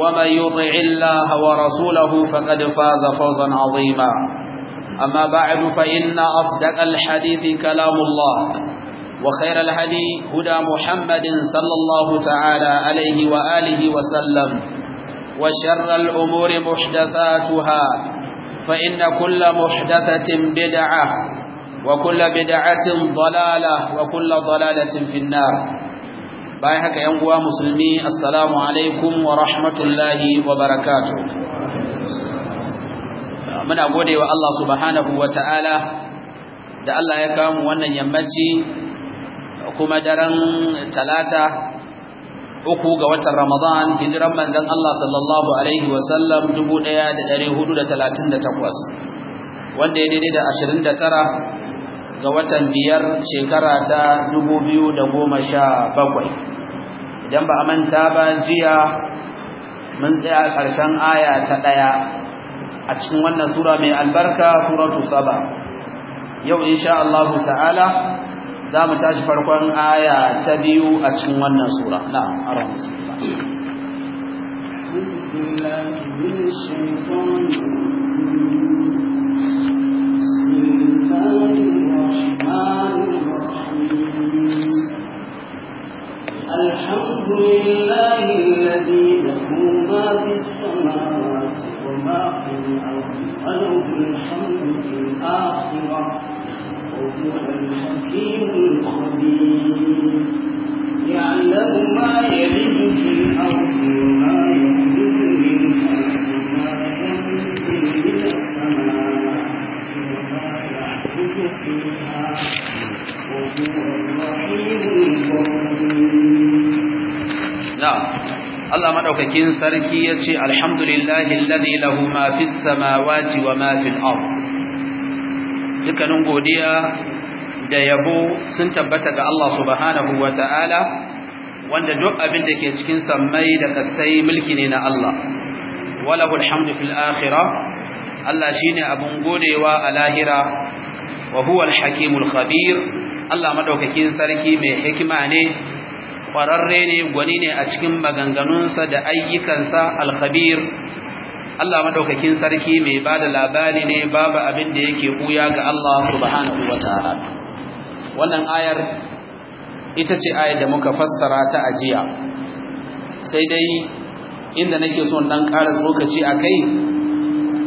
ومن يطع الله ورسوله فقد فاز فوزا عظيما أما بعد فإن أصدق الحديث كلام الله وخير الهدي هدى محمد صلى الله تعالى عليه وآله وسلم وشر الأمور محدثاتها فإن كل محدثة بدعة وكل بدعة ضلالة وكل ضلالة في النار bayan haka yan uwa musulmi assalamu alaikum wa rahmatullahi wa barakatuh muna gode wa Allah subhanahu wa ta'ala da Allah ya kawo wannan yammaci kuma daren talata uku ga watan Ramadan hijiran manzon Allah sallallahu alaihi wa sallam 1438 wanda ya daidai da 29 ga watan biyar shekara ta 2017 idan ba a manta ba jiya mun tsaya ƙarshen aya ta ɗaya a cikin wannan sura mai albarka turatu saba yau insha Allah ta'ala za mu tashi farkon aya ta biyu a cikin wannan sura Na aran bismillah بسم الله الرحمن الرحيم الحمد لله الذي له ما في السماوات وما في الأرض وله الحمد في الآخرة وهو الحكيم الخبير يعلم ما يلج في الأرض وما يخرج منها وما ينزل من السماء فيها وهو الرحيم الرحيم نعم Allah madaukakin sarki yace alhamdulillahi alladhi lahu ma fis wa ma fil dukkanin godiya da yabo sun tabbata ga Allah subhanahu wa ta'ala wanda duk abin da ke cikin sammai da kasai mulki ne na Allah walahu alhamdu fil akhirah Allah shine abin godewa a lahira wa huwa al-hakimul khabir Allah madaukakin sarki mai hikima ne kwararre ne gwani ne a cikin maganganunsa da ayyukansa al-khabir Allah madaukakin sarki mai bada labari ne babu abin da yake buya ga Allah subhanahu wataala wannan ayar ita ce ayar da muka fassara ta ajiya sai dai inda nake son dan ƙara tsokaci akai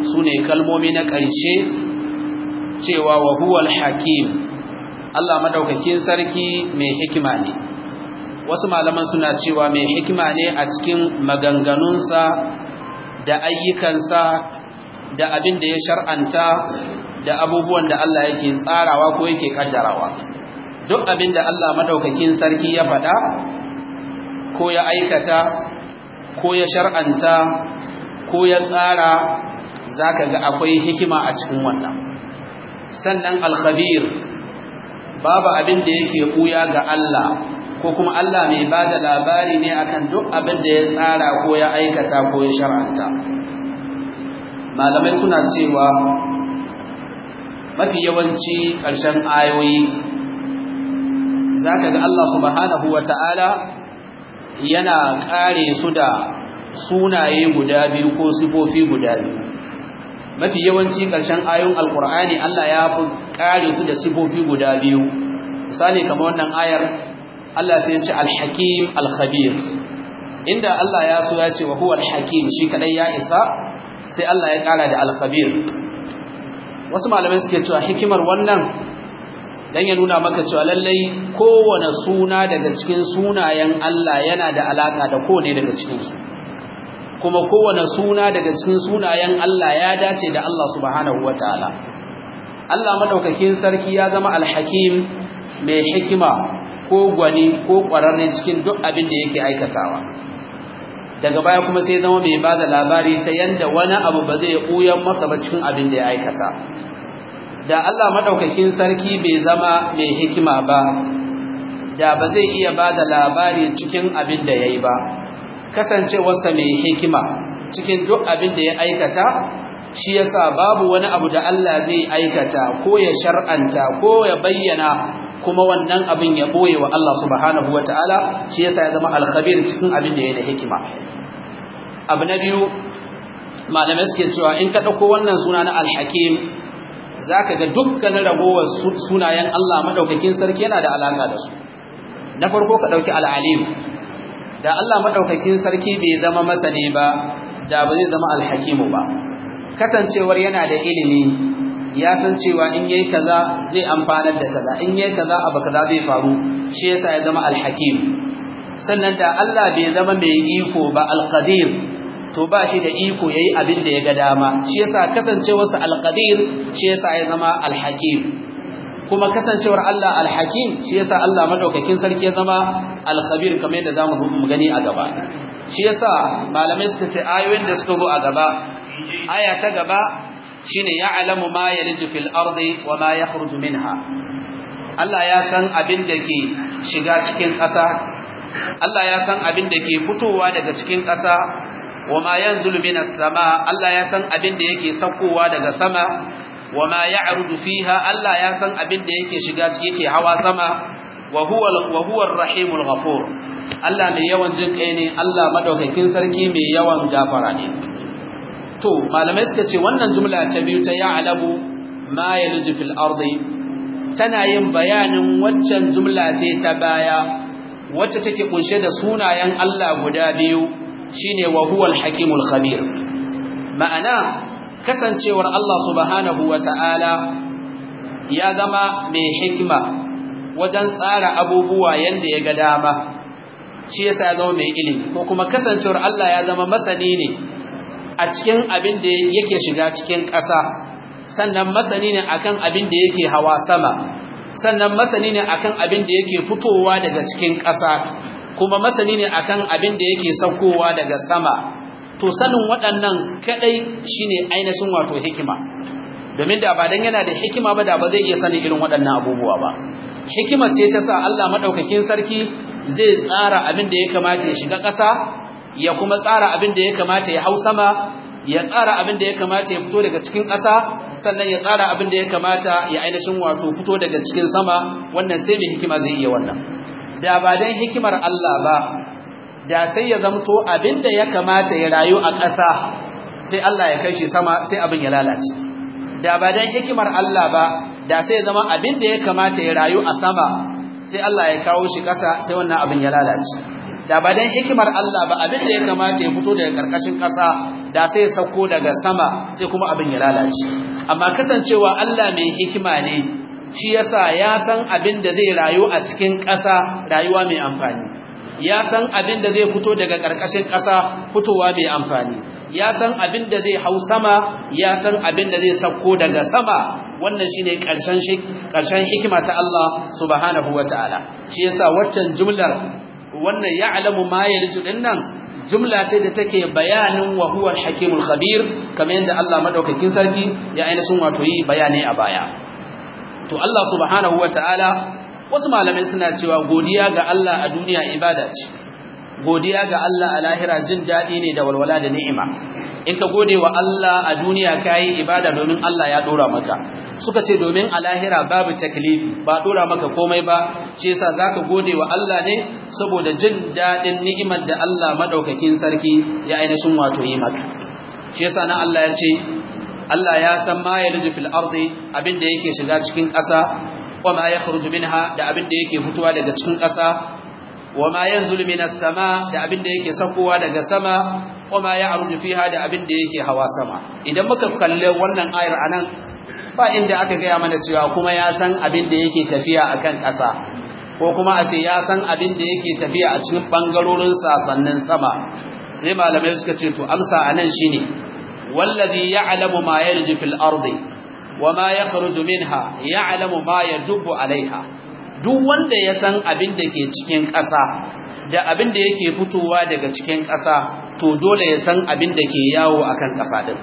sune kalmomi na ƙarshe cewa wa huwal hakim Allah madaukakin sarki mai hikima ne wasu malaman suna cewa mai hikima ne a cikin maganganunsa da ayyukansa da abin da ya shar'anta da abubuwan da Allah yake tsarawa ko yake kaddarawa duk abin da Allah madaukakin sarki ya faɗa ko ya aikata ko ya shar'anta ko ya tsara zaka ga akwai hikima a cikin wannan sannan al babu abin da yake buya ga Allah ko kuma Allah mai bada labari ne akan duk abin da ya tsara ko ya aikata ko ya shar'anta malamai suna cewa mafi yawanci ƙarshen ayoyi zaka ga Allah subhanahu wata'ala yana kare su da sunaye guda biyu ko sifofi guda biyu mafi yawanci ƙarshen ayon alkur'ani Allah ya fi kare su da sifofi guda biyu misali kamar wannan ayar Allah sai ya ce alhakim Alkhabir. inda Allah ya so ya ce wa huwa alhakim shi kadai ya isa sai Allah ya kara da Alkhabir. wasu malamai suke cewa hikimar wannan dan ya nuna maka cewa lallai kowane suna daga cikin sunayen Allah yana da alaka da kowane daga cikin su kuma kowane suna daga cikin sunayen Allah ya dace da Allah subhanahu ta'ala Allah madaukakin sarki ya zama alhakim mai hikima ko gwani ko ƙwararre cikin duk abin da yake aikatawa daga baya kuma sai zama mai ba da labari ta yanda wani abu ba zai ɓuyan masa ba cikin abin da ya aikata da Allah maɗaukakin sarki bai zama mai hikima ba da ba zai iya ba da labari cikin abin da ya yi ba kasancewarsa mai hikima cikin duk abin da ya aikata shi yasa babu wani abu da Allah zai aikata ko ya shar'anta ko ya bayyana kuma wannan abin ya boye wa Allah subhanahu wataala shi yasa ya zama alkhabir cikin abin da yake da hikima abu na biyu malamai suke cewa in ka dauko wannan suna na alhakim zaka ga dukkanin ragowar sunayen Allah madaukakin sarki yana da alaka da su na farko ka dauki alalim da Allah madaukakin sarki bai zama masani ba da ba zai zama alhakimu ba kasancewar yana da ilimi ya san cewa in yayi kaza zai amfana da kaza in yayi kaza abu kaza zai faru shi yasa ya zama alhakim sannan da Allah bai zama mai iko ba alqadir to ba shi da iko yayi abin da ya ga dama shi yasa kasancewarsa alqadir shi yasa ya zama alhakim kuma kasancewar Allah al-Hakim shi yasa Allah madaukakin sarki ya zama al-Khabir kamar yadda zamu zo mu gani a gaba shi yasa malamai suka ce ayoyin da suka zo a gaba aya ta gaba shine ya'lamu ma yaliju fil ardi wa ma yakhruju minha Allah ya san abin da ke shiga cikin ƙasa Allah ya san abin da ke fitowa daga cikin ƙasa wa ma yanzulu minas sama Allah ya san abin da yake saukowa daga sama wa ma ya'rudu fiha Allah ya san abin da yake shiga yake hawa sama wa huwa wa huwa ghafur Allah mai yawan jin kai ne Allah madaukakin sarki mai yawan gafara ne to malamai suka ce wannan jumla ta biyu ta ya'lamu ma yalju fil ardi tana yin bayanin waccan jumla ce ta baya wacce take kunshe da sunayen Allah guda biyu shine wa huwal hakimul khabir ma'ana kasancewar Allah subhanahu wa ta'ala ya zama mai hikima wajen tsara abubuwa yadda ya ga dama shi yasa ya zama mai ilimi ko kuma kasancewar Allah ya zama masani ne a cikin abin da yake shiga cikin ƙasa sannan masani ne akan abin da yake hawa sama sannan masani ne akan abin da yake fitowa daga cikin ƙasa kuma masani ne akan abin da yake saukowa daga sama to sanin waɗannan shi shine ainihin wato hikima domin da ba dan yana da hikima ba da ba zai iya sanin irin waɗannan abubuwa ba hikimar ce ta sa Allah maɗaukakin sarki zai tsara abin da ya kamata ya shiga ƙasa ya kuma tsara abin da ya kamata ya hau sama ya tsara abin da ya kamata ya fito daga cikin ƙasa sannan ya tsara abin da ya kamata ya ainihin wato fito daga cikin sama wannan sai mai hikima zai iya wannan da ba dan hikimar Allah ba da sai ya zamto abinda ya kamata ya rayu a ƙasa sai Allah ya kai shi sama sai abin ya lalace da ba dan hikimar Allah ba da sai ya zama abinda ya kamata ya rayu a sama sai Allah ya kawo shi ƙasa sai wannan abin ya lalace da ba dan hikimar Allah ba abin da ya kamata ya fito daga karkashin ƙasa da sai ya sauko daga sama sai kuma abin ya lalace amma kasancewa Allah mai hikima ne shi yasa ya san abin da zai rayu a cikin ƙasa rayuwa mai amfani ya san abin da zai fito daga ƙarƙashin ƙasa fitowa mai amfani ya san abin da zai hau sama ya san abin da zai sauko daga sama wannan shine ƙarshen ƙarshen hikima ta Allah subhanahu wataala shi yasa waccan jumlar wannan ya'lamu ma yarju dinnan jumla ce da take bayanin wa huwa al-hakimul khabir kamar yadda Allah madaukakin sarki ya aina sun wato yi bayani a baya to Allah subhanahu wataala wasu malamai suna cewa godiya ga Allah a duniya ibada ce godiya ga Allah a lahira jin daɗi ne da walwala da ni'ima in ka gode wa Allah a duniya kayi ibada domin Allah ya dora maka suka ce domin a lahira babu taklifi ba dora maka komai ba shi yasa zaka gode wa Allah ne saboda jin daɗin ni'imar da Allah madaukakin sarki ya ainihin wato yi maka shi yasa na Allah ya ce Allah ya san ma yalju fil ardi abin da yake shiga cikin ƙasa wa ma yakhruju minha da abin da yake fitowa daga cikin ƙasa wa ma yanzulu minas sama da abin da yake sakowa daga sama wa ma ya'ruju fiha da abin da yake hawa sama idan muka kalle wannan ayar anan ba inda aka gaya mana cewa kuma ya san abin da yake tafiya akan ƙasa ko kuma a ce ya san abin da yake tafiya a cikin bangarorin sasannin sama sai malamai suka ce to amsa anan shine wallazi ya'lamu ma yarju fil ardi wama يخرج منها يعلم ما يجب alaiha duk wanda ya san abin da ke cikin ƙasa da abin da yake fitowa daga cikin ƙasa to dole ya san abin da ke yawo akan ƙasa din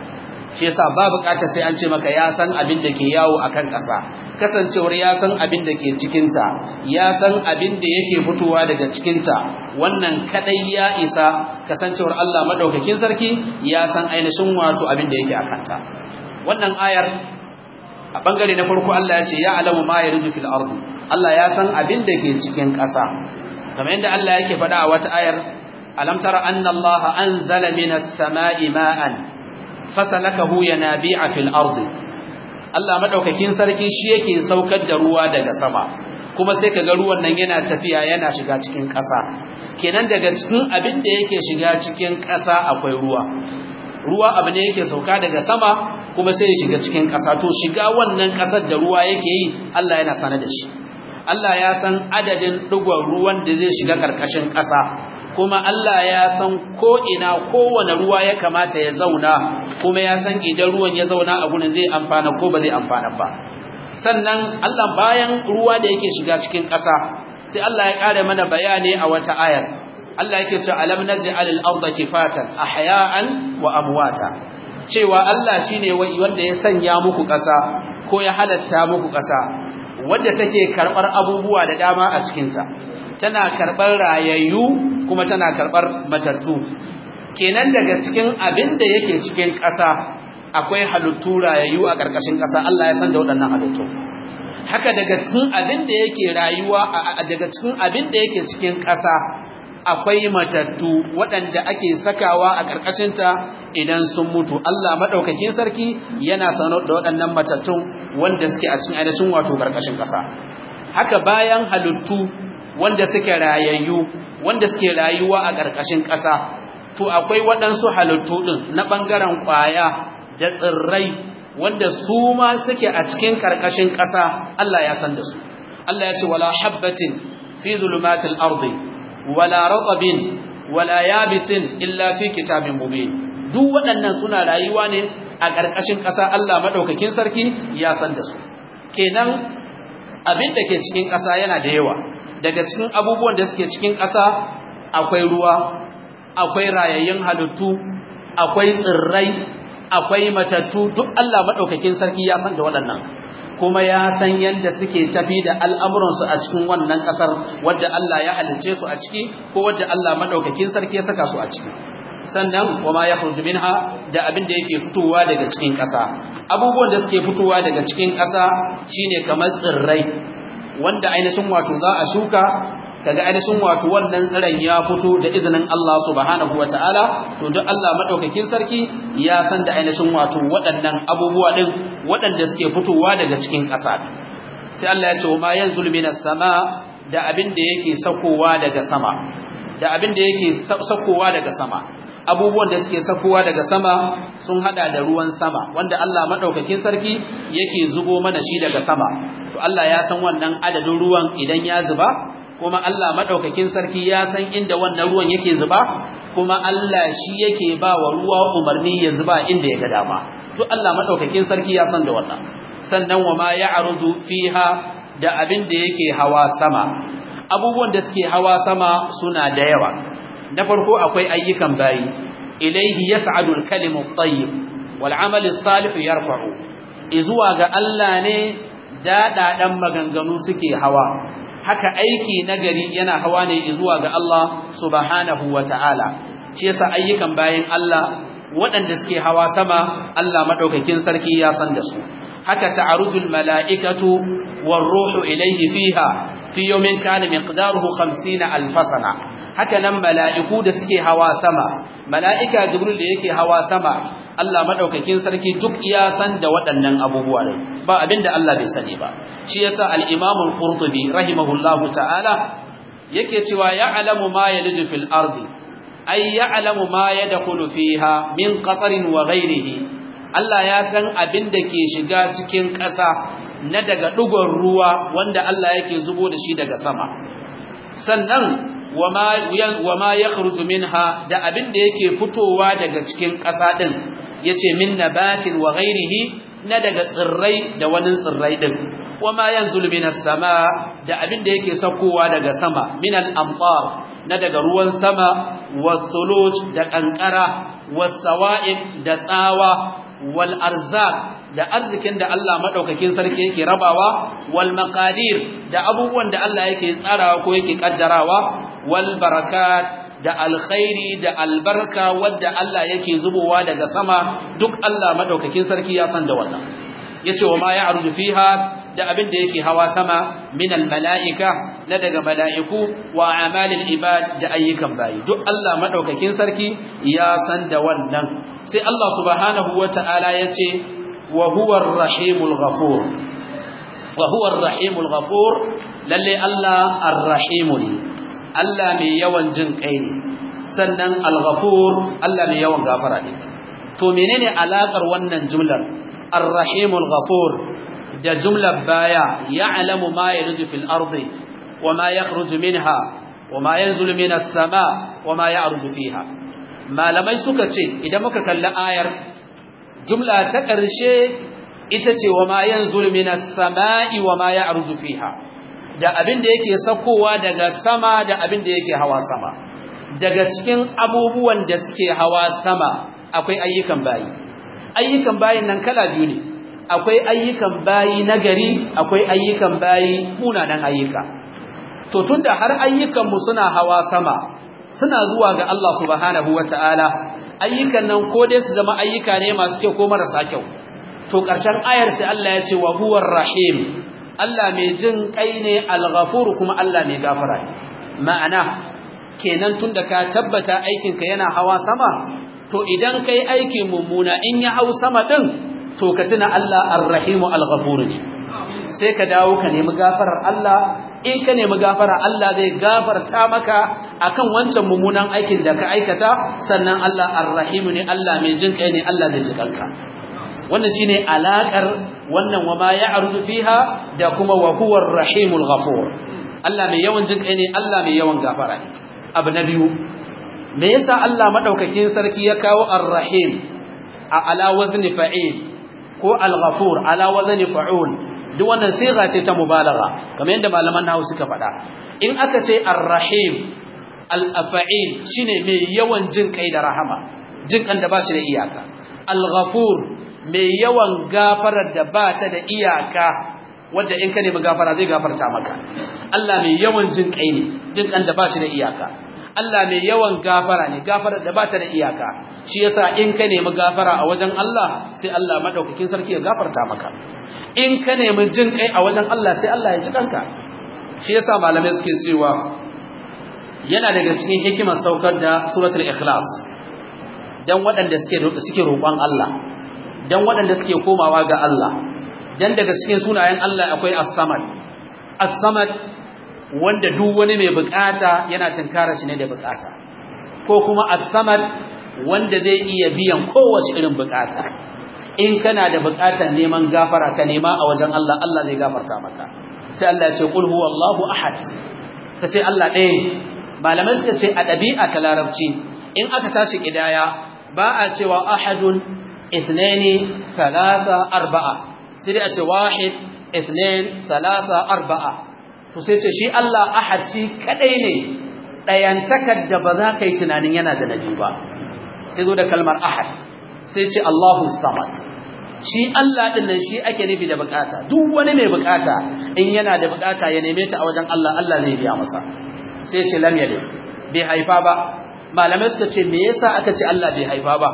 shi yasa ba bukata sai an ce maka ya san abin da ke yawo akan ƙasa kasancewar ya san abin da ke cikinta ya san abin da yake fitowa daga cikinta wannan kadai ya isa kasancewar Allah madaukakin sarki ya san ainihin wato abin da yake akanta wannan ayar a bangare na farko Allah ya ce ya alamu ma rudu fil ardi Allah ya san abin da ke cikin ƙasa kamar yadda Allah yake faɗa a wata ayar alam tara anna Allah anzala minas sama'i ma'an fasalakahu yanabi'a fil ardi Allah madaukakin sarki shi yake saukar da ruwa daga sama kuma sai kaga ruwan nan yana tafiya yana shiga cikin ƙasa kenan daga cikin abin da yake shiga cikin ƙasa akwai ruwa ruwa abu ne yake sauka daga sama kuma sai ya shiga cikin ƙasa to shiga wannan ƙasar da ruwa yake yi Allah yana sanar da shi Allah ya san adadin dugon ruwan da zai shiga ƙarƙashin ƙasa kuma Allah ya san ko ina kowane ruwa ya kamata ya zauna kuma ya san idan ruwan ya zauna a gurin zai amfana ko ba zai amfana ba sannan Allah bayan ruwa da yake shiga cikin ƙasa sai Allah ya ƙara mana bayani a wata ayar Allah yake cewa alam naj'al al-ardha kifatan ahya'an wa amwata cewa Allah shine wanda ya sanya muku ƙasa ko ya halatta muku ƙasa wanda take karbar abubuwa da dama a cikin ta tana karbar rayayyu kuma tana karbar matattu kenan daga cikin abin da yake cikin ƙasa akwai halittu rayayyu a ƙarƙashin ƙasa Allah ya san da waɗannan halittu haka daga cikin abin da yake rayuwa daga cikin abin da yake cikin ƙasa akwai matattu waɗanda ake sakawa a ƙarƙashinta idan sun mutu Allah maɗaukakin sarki yana sanar da waɗannan matattun wanda suke a cikin ainihin wato ƙarƙashin ƙasa haka bayan halittu wanda suke rayayyu wanda suke rayuwa a ƙarƙashin ƙasa to akwai waɗansu halittu ɗin na ɓangaren ƙwaya da tsirrai wanda su ma suke a cikin ƙarƙashin ƙasa Allah ya san da su Allah ya ce wala habbatin fi zulumatil ardi wala ratabin wala yabisin illa fi kitabin mubin duk waɗannan suna rayuwa ne a ƙarƙashin ƙasa Allah madaukakin sarki ya san da su kenan abin da ke cikin ƙasa yana da yawa daga cikin abubuwan da suke cikin ƙasa akwai ruwa akwai rayayyun halittu akwai tsirrai akwai matattu duk Allah madaukakin sarki ya san da waɗannan kuma ya san yadda suke tafi da al'amuransu a cikin wannan ƙasar wadda Allah ya halince su a ciki ko wadda Allah maɗaukakin sarki ya saka su a ciki sannan kuma ya furju minha da abin da yake fitowa daga cikin ƙasa abubuwan da suke fitowa daga cikin ƙasa shine kamar tsirrai wanda ainihin wato za a shuka kaga ainihin wato wannan tsiran ya fito da izinin Allah subhanahu wataala to duk Allah madaukakin sarki ya san da ainihin wato waɗannan abubuwa din waɗanda suke fitowa daga cikin ƙasa sai Allah ya ce ma yanzul minas sama da abin da yake sakowa daga sama da abin da yake sakowa daga sama abubuwan da suke sakowa daga sama sun hada da ruwan sama wanda Allah madaukakin sarki yake zubo mana shi daga sama to Allah ya san wannan adadin ruwan idan ya zuba kuma Allah maɗaukakin sarki ya san inda wannan ruwan yake zuba kuma Allah shi yake ba wa ruwa umarni ya zuba inda ya ga dama to Allah madaukakin sarki ya san da wannan sannan wa ma ya'ruju fiha da abin da yake hawa sama abubuwan da suke hawa sama suna da yawa na farko akwai ayyukan bayi ilaihi ya al-kalimu tayyib wal ya salihu yarfa'u izuwa ga Allah ne daɗaɗen maganganu suke hawa haka aiki nagari yana hawa ne zuwa ga Allah subhanahu wata'ala shi yasa ayyukan bayan Allah waɗanda suke hawa sama Allah madaukakin sarki ya san da su haka ta'arujul mala'ikatu war ruhu ilayhi fiha fi yawmin kana miqdaruhu 50 alfasana. haka nan mala'iku da suke hawa sama mala'ika jibril da yake hawa sama Allah madaukakin sarki duk ya san da waɗannan abubuwa ne ba abinda Allah bai sani ba shi yasa al-Imam al-Qurtubi rahimahullahu ta'ala yake cewa ya'lamu ma yalidu fil ardi ay ya'lamu ma yadkhulu fiha min qatarin wa ghayrihi Allah ya san abin da ke shiga cikin ƙasa na daga dugon ruwa wanda Allah yake zubo da shi daga sama sannan wa ma yakhruju minha da abin da yake fitowa daga cikin ƙasa ya yace min batin wa ghairihi na daga tsirrai da wani tsirrai din wa ma yanzulu minas sama da abin da yake saukowa daga sama min al na daga ruwan sama wa da ƙanƙara, wa da tsawa wal arzak da arzikin da Allah maɗaukakin sarki yake rabawa wal maqadir da abubuwan da Allah yake tsarawa ko yake ƙaddarawa. wal da alkhairi da albarka wadda Allah yake zubowa daga sama duk Allah madaukakin sarki ya san da wannan yace wa ma ya'rudu fiha da abin da yake hawa sama min mala'ika na daga mala'iku wa amalil ibad da ayyukan bayi duk Allah madaukakin sarki ya san da wannan sai Allah subhanahu wata'ala yace wa huwa arrahimul ghafur wa huwa arrahimul ghafur lalle Allah arrahimul Allah mai yawan jin kai ne sannan al-ghafur Allah mai yawan gafara ne to menene alakar wannan jumlar ar al ghafur da jumlar baya ya'lamu ma yaridu fil ardi wa ma yakhruju minha wa ma yanzulu minas sama wa ma ya'rudu fiha malamai suka ce idan muka kalli ayar jumla ta ƙarshe ita ce wa ma yanzulu minas sama'i wa ma ya'rudu fiha da abin da yake sakowa daga sama da abin da yake hawa sama daga cikin abubuwan da suke hawa sama akwai ayyukan bayi ayyukan bayin nan kala biyu ne akwai ayyukan bayi na gari akwai ayyukan bayi munanan ayyuka to tunda har ayyukan mu suna hawa sama suna zuwa ga Allah subhanahu wataala ayyukan nan ko dai su zama ayyuka ne masu kyau ko marasa kyau to ƙarshen ayar sai Allah ya ce wa huwar rahim Allah mai jin kai ne al-ghafur kuma Allah mai gafara ma'ana kenan tunda ka tabbata aikin ka yana hawa sama to idan kai aiki mummuna in ya hau sama din to ka tuna Allah ar-rahimu al-ghafur ne sai ka dawo ka nemi gafarar Allah in ka nemi gafara Allah zai gafarta maka akan wancan mummunan aikin da ka aikata sannan Allah ar-rahim ne Allah mai jin kai ne Allah zai jikanka. wannan shine alakar wannan wa ma ya'rudu fiha da kuma wa huwa rahimul ghafur Allah mai yawan jin kai ne Allah mai yawan gafara ne abu na biyu me yasa Allah madaukakin sarki ya kawo ar-rahim a ala wazni fa'il ko al-ghafur ala wazni fa'ul duk wannan siga ce ta mubalagha kamar yadda malaman nahu suka faɗa in aka ce ar-rahim al-afa'il shine mai yawan jin kai da rahama Jin jinkan da ba shi da iyaka al-ghafur mai yawan gafarar da ba ta da iyaka wadda in ka nemi gafara zai gafarta maka Allah mai yawan jin kai ne jin dan da ba shi da iyaka Allah mai yawan gafara ne gafarar da ba ta da iyaka shi yasa in ka nemi gafara a wajen Allah sai Allah madaukakin sarki ya gafarta maka in ka nemi jin kai a wajen Allah sai Allah ya ji kanka shi yasa malamai suke cewa yana daga cikin hikimar saukar da suratul ikhlas dan waɗanda suke suke roƙon Allah dan waɗanda suke komawa ga Allah dan daga cikin sunayen Allah akwai as-samad as-samad wanda duk wani mai bukata yana tinkara shi ne da bukata ko kuma as-samad wanda zai iya biyan kowace irin bukata in kana da bukatar neman gafara ka nema a wajen Allah Allah zai gafarta maka sai Allah ya ce qul huwallahu ahad ka ce Allah ɗaya malaman ta ce a ɗabi'a ta larabci in aka tashi kidaya ba a cewa ahadun اثنين ثلاثة أربعة سيدي أتي واحد اثنين ثلاثة أربعة فسيتي شي الله أحد شي كديني ɗayantakar da ba za ka yi tunanin yana da nabi ba sai zo da kalmar ahad sai ce Allahu samad shi Allah din nan shi ake nufi da bukata duk wani mai bukata in yana da bukata ya neme ta a wajen Allah Allah zai biya masa sai ce lam yalid bai haifa ba malamai suka ce me yasa aka ce Allah bai haifa ba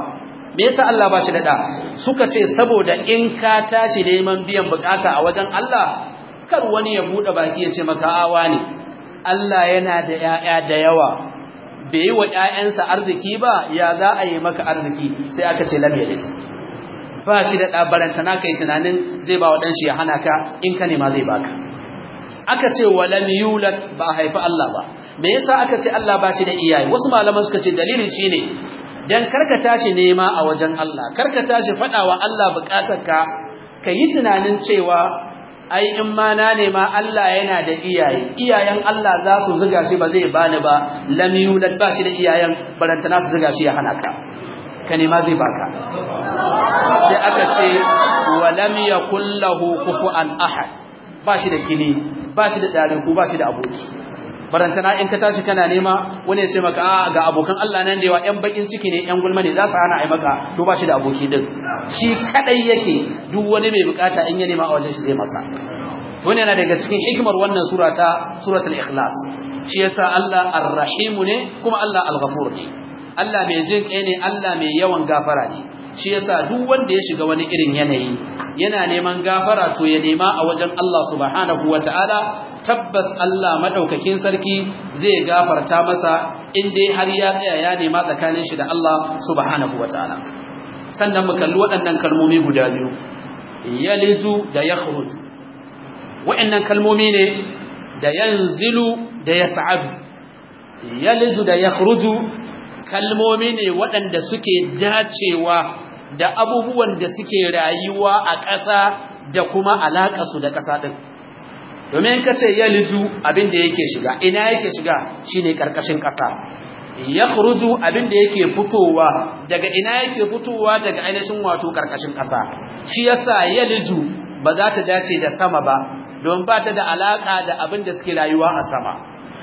me yasa Allah ba shi da da suka ce saboda in ka tashi neman biyan bukata a wajen Allah kar wani ya bude baki ya ce maka awa ne Allah yana da yaya da yawa bai yi wa 'ya'yansa arziki ba ya za a yi maka arziki sai aka ce lam yalid ba shi da da na kai tunanin zai ba wa dan shi ya hana ka in ka nema zai baka aka ce walam yulad ba haifi Allah ba me yasa aka ce Allah ba shi da iyaye wasu malaman suka ce dalilin shine dan karka tashi nema a wajen Allah karka tashi wa Allah bukatarka yi tunanin cewa ai in ma na nema Allah yana da iyaye iyayen Allah za su zuga shi ba zai bani ba lam yulad ba shi da iyayen barantana su zuga shi ya hana ka ka nema zai baka sai aka ce wa lam yakul kufu an ahad ba shi da gini ba shi da dariku ba shi da aboki barantana in ka tashi kana nema wani ya ce maka a ga abokan Allah nan da yawa yan bakin ciki ne yan gulma ne za su hana yi maka to ba shi da aboki din shi kadai yake duk wani mai bukata in ya nema a wajen shi zai masa wani yana daga cikin hikimar wannan surata, suratul ikhlas shi yasa Allah arrahimu ne kuma Allah alghafur ne Allah mai jin kai ne Allah mai yawan gafara ne shi yasa duk wanda ya shiga wani irin yanayi yana neman gafara to ya nema a wajen Allah subhanahu wataala tabbas Allah madaukakin sarki zai gafarta masa in dai har ya tsaya ya nema tsakanin shi da Allah subhanahu wataala sannan mu kalli waɗannan kalmomi guda biyu yalitu da yakhruj waɗannan kalmomi ne da yanzilu da yas'ab yalitu da yakhruj kalmomi ne waɗanda suke dacewa da abubuwan da suke rayuwa a ƙasa da kuma alaƙa su da ƙasa ɗin domin ka ce yaliju abin da yake shiga ina yake shiga shine karkashin kasa yakhruju abin da yake fitowa daga ina yake fitowa daga ainihin wato karkashin kasa shi yasa yaliju ba za ta dace da sama ba don ba ta da alaka da abin suke rayuwa a sama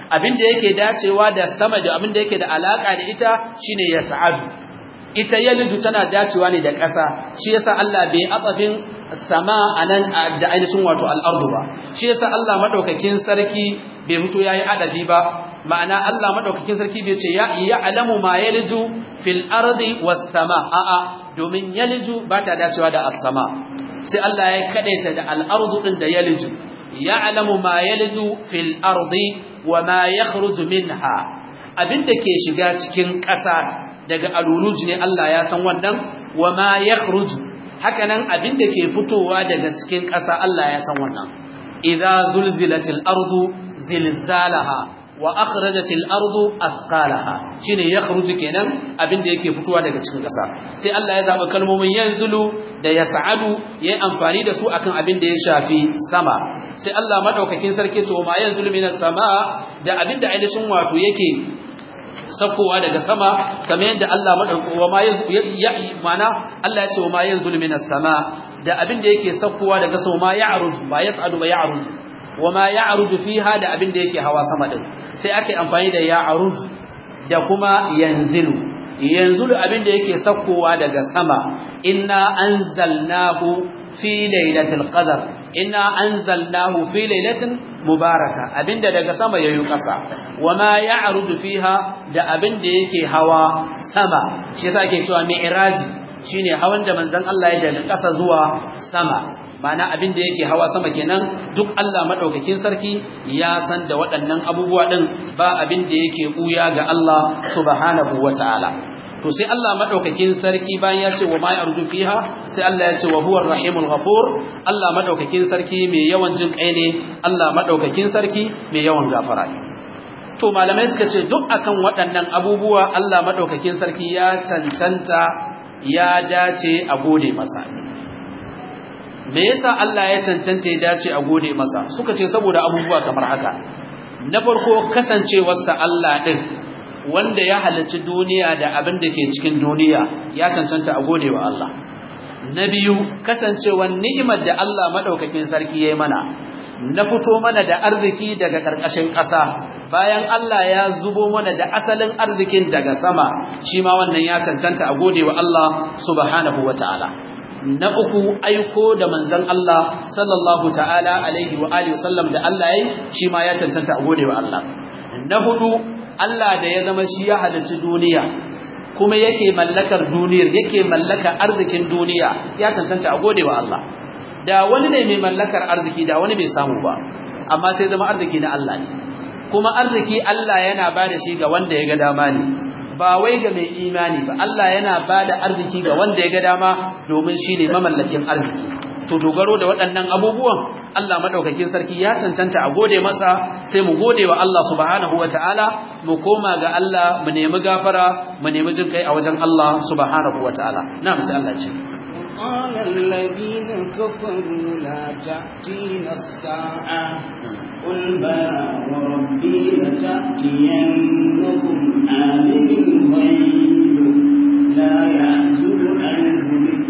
abin da yake dacewa da sama da abin da yake da alaka da ita shine yas'adu ita Yaliju tana dacewa ne da ƙasa shi yasa Allah bai abafin sama anan da ainihin wato al'ardu ba shi yasa Allah madaukakin sarki bai mutu yayi adabi ba ma'ana Allah madaukakin sarki bai ce ya ya'lamu ma yaliju fil ardi was sama a'a domin yaliju ba ta dacewa da as-sama sai Allah ya kadaita da al-ardu din da yaliju ya'lamu ma yaliju fil ardi wa ma yakhruju minha da ke shiga cikin ƙasa daga aluluj ne Allah ya san wannan wa ma hakanan abin da ke fitowa daga cikin ƙasa Allah ya san wannan idza zulzilatil ardu zilzalaha wa akhrajatil ardu athqalaha shine yakhruj kenan abin da yake fitowa daga cikin ƙasa sai Allah ya zaba kalmomin yanzulu da ya sa'adu ya yi amfani da su akan abin da ya shafi sama sai Allah maɗaukakin sarki ce ma yanzu lumina sama da abin da ainihin wato yake sakowa daga sama kamar yadda Allah madauko wa ma yanzu mana Allah ya ce wa ma yanzu minas sama da abin da yake sakowa daga sama ma ya'ruju ba yas'adu ba ya'ruju wa ma ya'ruju fiha da abin da yake hawa sama din sai aka yi amfani da ya'ruju da kuma yanzilu yanzulu abin da yake sakowa daga sama inna anzalnahu fi lailatul qadar inna anzalnahu fi lailatin mubaraka abinda daga sama yayi kasa wama ya'rudu fiha da abinda yake hawa sama shi yasa ake cewa mi'raji shine hawan da manzon Allah ya daga kasa zuwa sama mana abinda yake hawa sama kenan duk Allah madaukakin sarki ya san da waɗannan abubuwa din ba abinda yake buya ga Allah subhanahu wataala to sai Allah madaukakin sarki bayan ya ce wa mai arzu fiha sai Allah ya ce wa huwar rahimul ghafur Allah madaukakin sarki mai yawan jin kai ne Allah madaukakin sarki mai yawan gafara ne to malamai suka ce duk akan waɗannan abubuwa Allah madaukakin sarki ya cancanta ya dace a gode masa me yasa Allah ya cancanta ya dace a gode masa suka ce saboda abubuwa kamar haka na farko kasancewarsa Allah din wanda ya halarci duniya da abin da ke cikin duniya ya cancanta a gode wa Allah na biyu kasancewar ni'imar da Allah madaukakin sarki ya yi mana na fito mana da arziki daga ƙarƙashin ƙasa bayan Allah ya zubo mana da asalin arzikin daga sama shi ma wannan ya cancanta a gode wa Allah subhanahu wataala na uku aiko da manzon Allah sallallahu ta'ala alaihi wa alihi wasallam da Allah yayi shi ma ya cancanta a gode wa Allah na hudu Allah da ya zama shi ya halarci duniya kuma yake mallakar duniyar yake mallakar arzikin duniya ya cancanta a gode wa Allah da wani ne mai mallakar arziki da wani bai samu ba amma sai zama arziki na Allah ne kuma arziki Allah yana ba da shi ga wanda ya ga dama ne ba wai ga mai imani ba Allah yana ba da arziki ga wanda ya ga dama domin shi ne mamallakin arziki to dogaro da waɗannan abubuwan Allah madaukakin sarki ya cancanta a gode masa sai mu gode wa Allah subhanahu wataala mu koma ga Allah mu nemi gafara mu nemi jin kai a wajen Allah subhanahu wataala na'am sai Allah ce قال الذين كفروا لا تأتينا الساعة قل بلى وربي لتأتينكم عالم الغيب لا يعزل عنه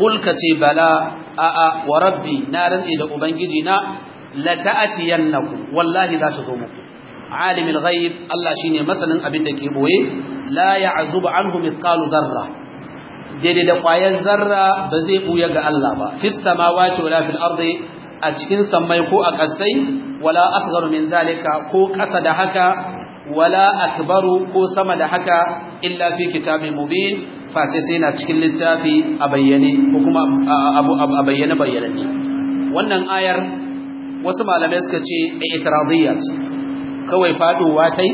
kulka ce bala a'a wa rabbi na rantsi da ubangiji na la ta'tiyannakum wallahi za ta zo muku alimul ghaib Allah shine masanin abin da ke ɓoye. la ya'zubu anhu mithqalu zarra? daidai da kwayan zarra ba zai buya ga Allah ba fis samawati wala fil ardi a cikin sammai ko a ƙasai wala asgharu min zalika ko ƙasa da haka wala akbaru ko sama da haka illa fi kitabin mubin face sai na cikin littafi a bayyane ko kuma abu a bayyane bayyananne wannan ayar wasu malamai suka ce i'tiradiyya ce kawai faduwa tai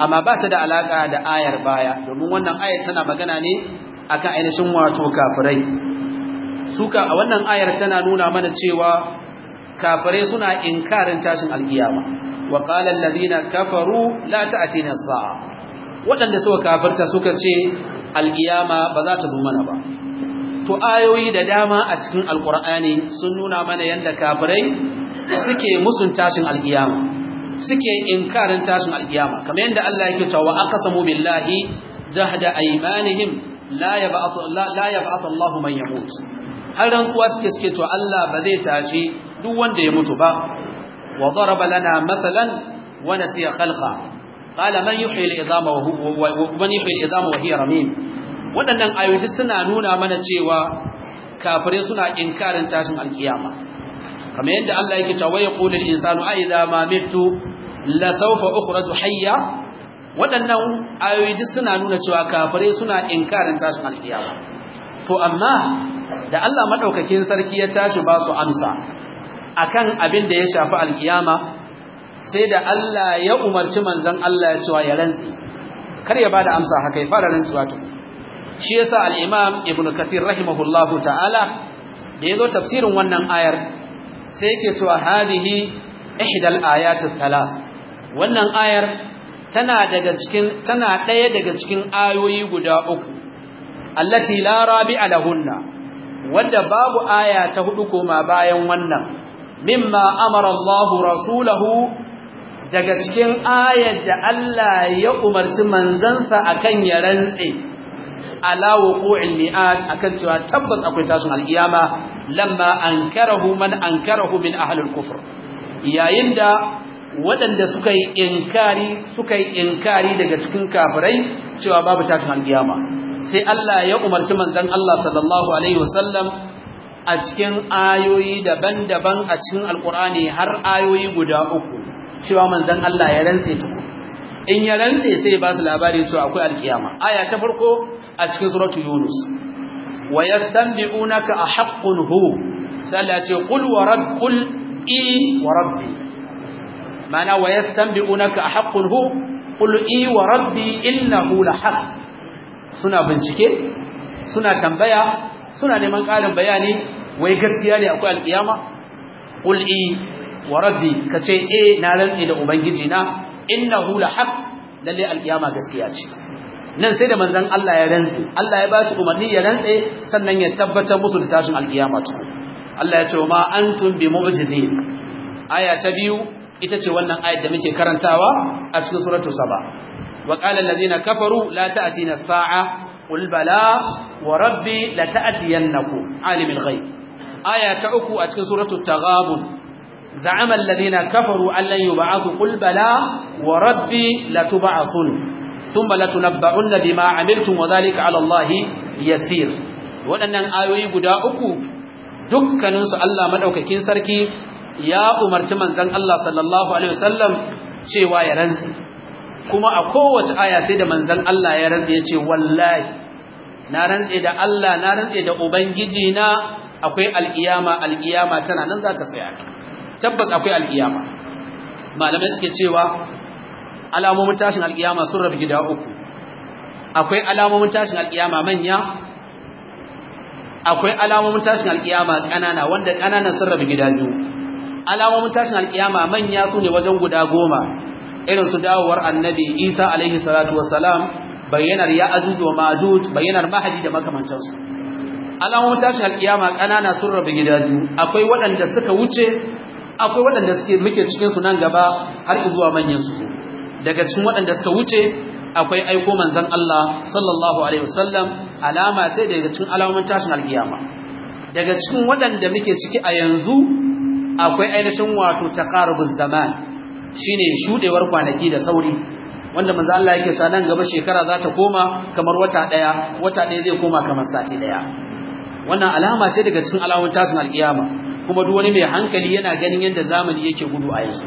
amma ba ta da alaka da ayar baya domin wannan ayar tana magana ne akan ainihin wato kafirai suka a wannan ayar tana nuna mana cewa kafirai suna inkarin tashin alkiyama wa qala alladhina kafaru la ta'tina as-sa'a waɗanda suka kafirta suka ce aliyama ba za ta mana ba to ayoyi da dama a cikin Alƙur'ani sun nuna mana yanda kafirai suke musun tashin al suke inkarin tashin al kamar yanda Allah yake cewa aqsamu billahi jahda aymanihim la yab'athu la yab'athu Allahu man yamut har rantsuwa suke suke to Allah ba zai tashi duk wanda ya mutu ba وضرب لنا مثلا ونسي خلقه قال من يحيي العظام وهو من يحيي العظام وهي رميم waɗannan ayoyi suna nuna mana cewa kafirai suna inkarin tashin alkiyama kamar yadda Allah yake cewa ya qulul insanu a idza ma mitu la sawfa ukhraju hayya waɗannan ayoyi suna nuna cewa kafirai suna inkarin tashin alkiyama to amma da Allah madaukakin sarki ya tashi ba su amsa akan abin da ya shafi alkiyama sai da Allah ya umarci manzon Allah ya cewa ya rantsi kar ya bada amsa haka ya fara rantsuwa to shi yasa al-Imam Ibn Kathir rahimahullahu ta'ala da yazo tafsirin wannan ayar sai yake cewa hadhihi ihdal ayatu thalas wannan ayar tana daga cikin tana daya daga cikin ayoyi guda uku allati la rabi'a lahunna wanda babu aya ta hudu koma bayan wannan mimma amara Allah rasulahu daga cikin ayar da Allah ya umarci manzansa akan ya rantse ala wuqu'il mi'at akan cewa tabbas akwai tashin alkiyama lamma ankarahu man ankarahu min ahlul kufr yayin da waɗanda suka yi inkari suka yi inkari daga cikin kafirai cewa babu tashin alkiyama sai Allah ya umarci manzon Allah sallallahu alaihi wasallam a cikin ayoyi daban-daban a cikin alkur'ani har ayoyi guda uku cewa manzon Allah ya rantse tuku in ya rantse sai ba su labari cewa akwai alkiyama aya ta farko a cikin suratu yunus wa yastanbi'unaka ahaqqun hu sai Allah ya ce qul wa rabbul i wa rabbi ma'ana wa yastanbi'unaka ahaqqun hu qul i wa rabbi innahu lahaq suna bincike suna tambaya suna neman ƙarin bayani wai gaskiya ne akwai alƙiyama qul i wa rabbi kace eh na rantsi da ubangiji na innahu la haqq lalle alƙiyama gaskiya ce nan sai da manzon Allah ya rantsi Allah ya bashi umarni ya rantsi sannan ya tabbatar musu da tashin alƙiyama ta Allah ya ce ma antum bi mu'jizin aya ta biyu ita ce wannan ayat da muke karantawa a cikin suratul saba wa qala allazina kafaru la ta'tina saa qul bala wa rabbi lata'tiyannakum alimul aya ta uku a cikin suratul taghabun za'ama alladhina kafaru an lan yub'athu qul bala wa rabbi latub'athun thumma latunabba'unna bima 'amiltum wa dhalika 'ala allahi yasir waɗannan ayoyi guda uku dukkaninsu Allah madaukakin sarki ya umarci manzon Allah sallallahu alaihi wasallam cewa ya rantsi kuma a kowace aya sai da manzon Allah ya rantsa ce wallahi na rantsa da Allah na rantsa da ubangiji na akwai alkiyama alkiyama tana nan za ta tsaya tabbas akwai alkiyama malamai suke cewa alamomin tashin alkiyama sun rabu gida uku akwai alamomin tashin alkiyama manya akwai alamomin tashin alkiyama kanana wanda kananan sun rabu gida biyu alamomin tashin alkiyama manya su ne wajen guda goma irin su dawowar annabi isa alaihi salatu wasalam bayyanar ya'ajuj wa ma'ajuj bayyanar mahadi da makamantansu alamomin tashin alkiyama ƙanana sun rabu gida biyu akwai waɗanda suka wuce akwai waɗanda suke muke cikin su nan gaba har zuwa manyan su daga cikin waɗanda suka wuce akwai aiko manzon Allah sallallahu alaihi wasallam alama ce daga cikin alamomin tashin alkiyama daga cikin waɗanda muke ciki a yanzu akwai ainihin wato taqarubuz zaman shine shudewar kwanaki da sauri wanda manzo Allah yake sa nan gaba shekara za ta koma kamar wata daya wata daya zai koma kamar sati daya wannan alama ce daga cikin alamun tashin alkiyama kuma duk wani mai hankali yana ganin yadda zamani yake gudu a yanzu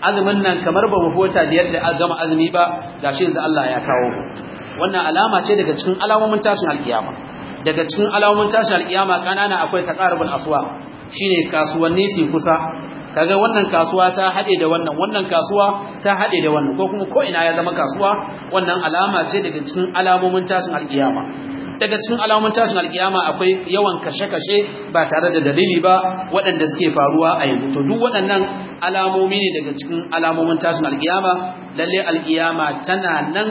azumin nan kamar ba mu wata biyar da gama azumi ba gashi yanzu Allah ya kawo wannan alama ce daga cikin alamomin tashin alkiyama daga cikin alamomin tashin alkiyama kanana akwai taqarubul aswa shine kasuwanni su kusa kaga wannan kasuwa ta haɗe da wannan wannan kasuwa ta haɗe da wannan ko kuma ko ina ya zama kasuwa wannan alama ce daga cikin alamomin tashin alkiyama daga cikin alamomin tashin alkiyama akwai yawan kashe-kashe ba tare da dalili ba waɗanda suke faruwa a yanzu to duk waɗannan alamomi ne daga cikin alamomin tashin alkiyama lalle alkiyama tana nan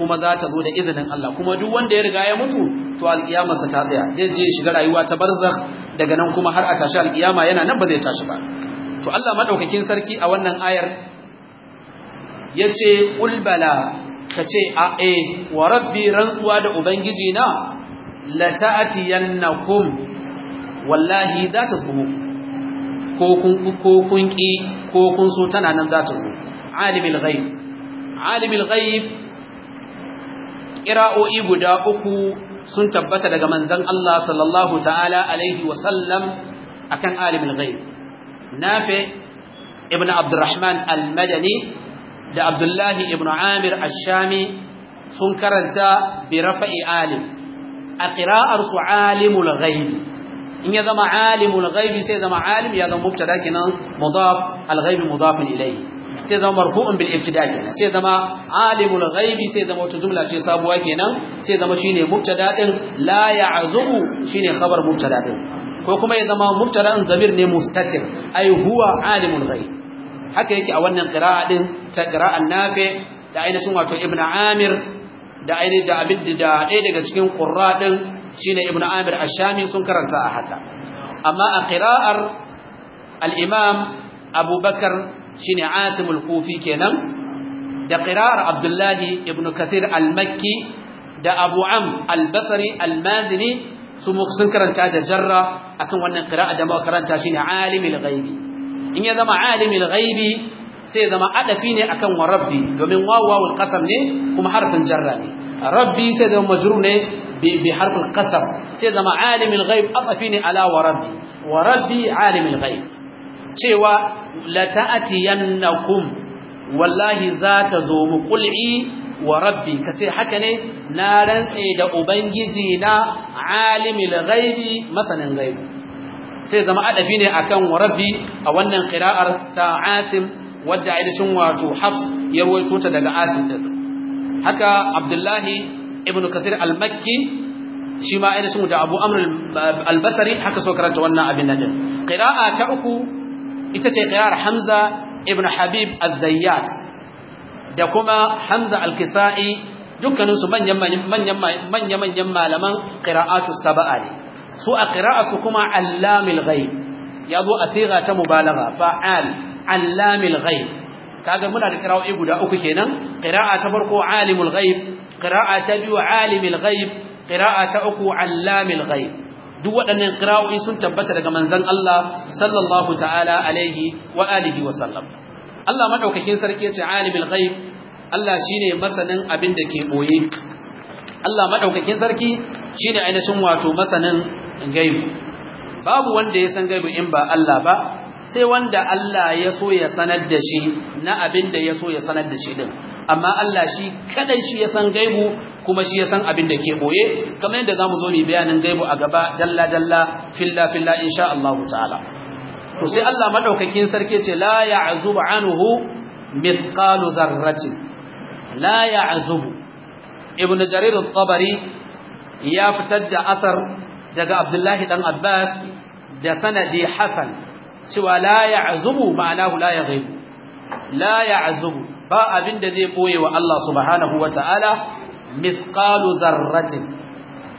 kuma za ta zo da izinin Allah kuma duk wanda ya riga ya mutu to alƙiyamarsa ta tsaya zai je shiga rayuwa ta barzakh daga nan kuma har a tashi alkiyama yana nan ba zai tashi ba to Allah madaukakin sarki a wannan ayar yace qul bala kace a e wa rabbi rantsuwa da ubangiji na la ta'tiyannakum wallahi za ta zo ko kun ko kun ki ko kun so tana nan za ta zo alimul ghaib alimul ghaib qira'o'i guda uku sun tabbata daga manzon Allah sallallahu ta'ala alaihi wa sallam akan alimul ghaib nafi ibn abdurrahman al-madani da abdullahi ibn amir al-shami sun karanta bi alim a qira'arsu alimul ghaibi in ya zama alimul ghaibi sai zama alim ya zama mubtada kenan mudaf al-ghaibi mudafun ilayhi sai zama marfu'un bil ibtida kenan sai zama alimul ghaibi sai zama wata jumla ce sabuwa kenan sai zama shine mubtada din la shine khabar mubtada ko kuma ya zama mubtada'un zamir ne mustatir ai huwa alimul ghaib haka yake a wannan qira'a din ta qira'an nafi da ainihin wato ibn amir da ainihin da abid da ɗaya daga cikin qurra din shine ibn amir ashami sun karanta a haka amma a qira'ar al-imam abubakar shine asimul kufi kenan da qira'ar abdullahi ibn kathir al-makki da abu am al-basri al-madini sun karanta da jarra akan wannan qira'a da muka karanta shine alimul ghaibi in ya zama alimul ghaibi sai zama adafi ne akan wa rabbi domin wawawul qasam ne kuma harfin jarra ne rabbi sai zama majrur ne bi harfin qasam sai zama alimul ghaib adafi ne ala wa rabbi wa rabbi alimul ghaib cewa la ta'tiyannakum wallahi za ta zo mu kul'i wa rabbi kace haka ne na rantse da ubangiji na alimul ghaibi masanin ghaibi sai zama adafi ne akan wa rabbi a wannan qira'ar ta asim wadda aidashin wato hafs ya rawaito ta daga asim din haka abdullahi ibnu kathir al-makki shi ma aidashin da abu amr al-basri haka so karanta wannan abin nan qira'a ta uku ita ce qira'ar hamza Ibn habib az-zayyat da kuma Hamza Alkisa'i dukkaninsu manya manyan malaman ƙira'atu sab'a ne su a ƙira'asu kuma allamil ya yazo a siga ta mubalagha fa'al allamil ghaib kaga muna da qira'o'i guda uku kenan ƙira'a ta farko alimul ghaib ƙira'a ta biyu alimil ghaib ƙira'a ta uku allamil ghaib duk waɗannan qira'o'i sun tabbata daga manzon Allah sallallahu ta'ala alaihi wa alihi wa sallam Allah madaukakin sarki yace alimul ghaib Allah shine masanin abin da ke boye Allah madaukakin sarki shine ainihin wato masanin gaibu babu wanda ya san gaibu in ba Allah ba sai wanda Allah ya so ya sanar da shi na abin da ya so ya sanar da shi din amma Allah shi kadai shi ya san gaibu kuma shi ya san abin da ke boye kamar yadda zamu zo mu bayanin gaibu a gaba dalla dalla filla filla insha Allah ta'ala to sai Allah madaukakin sarki ce la ya'zubu anhu mithqalu dharratin la ya'zubu ibn jarir at-tabari ya fitar da athar daga abdullahi dan abbas da sanadi hasan cewa la ya'zubu ma'anahu la yaghibu la ya'zubu ba abinda zai boye wa Allah subhanahu wata'ala mithqalu dharratin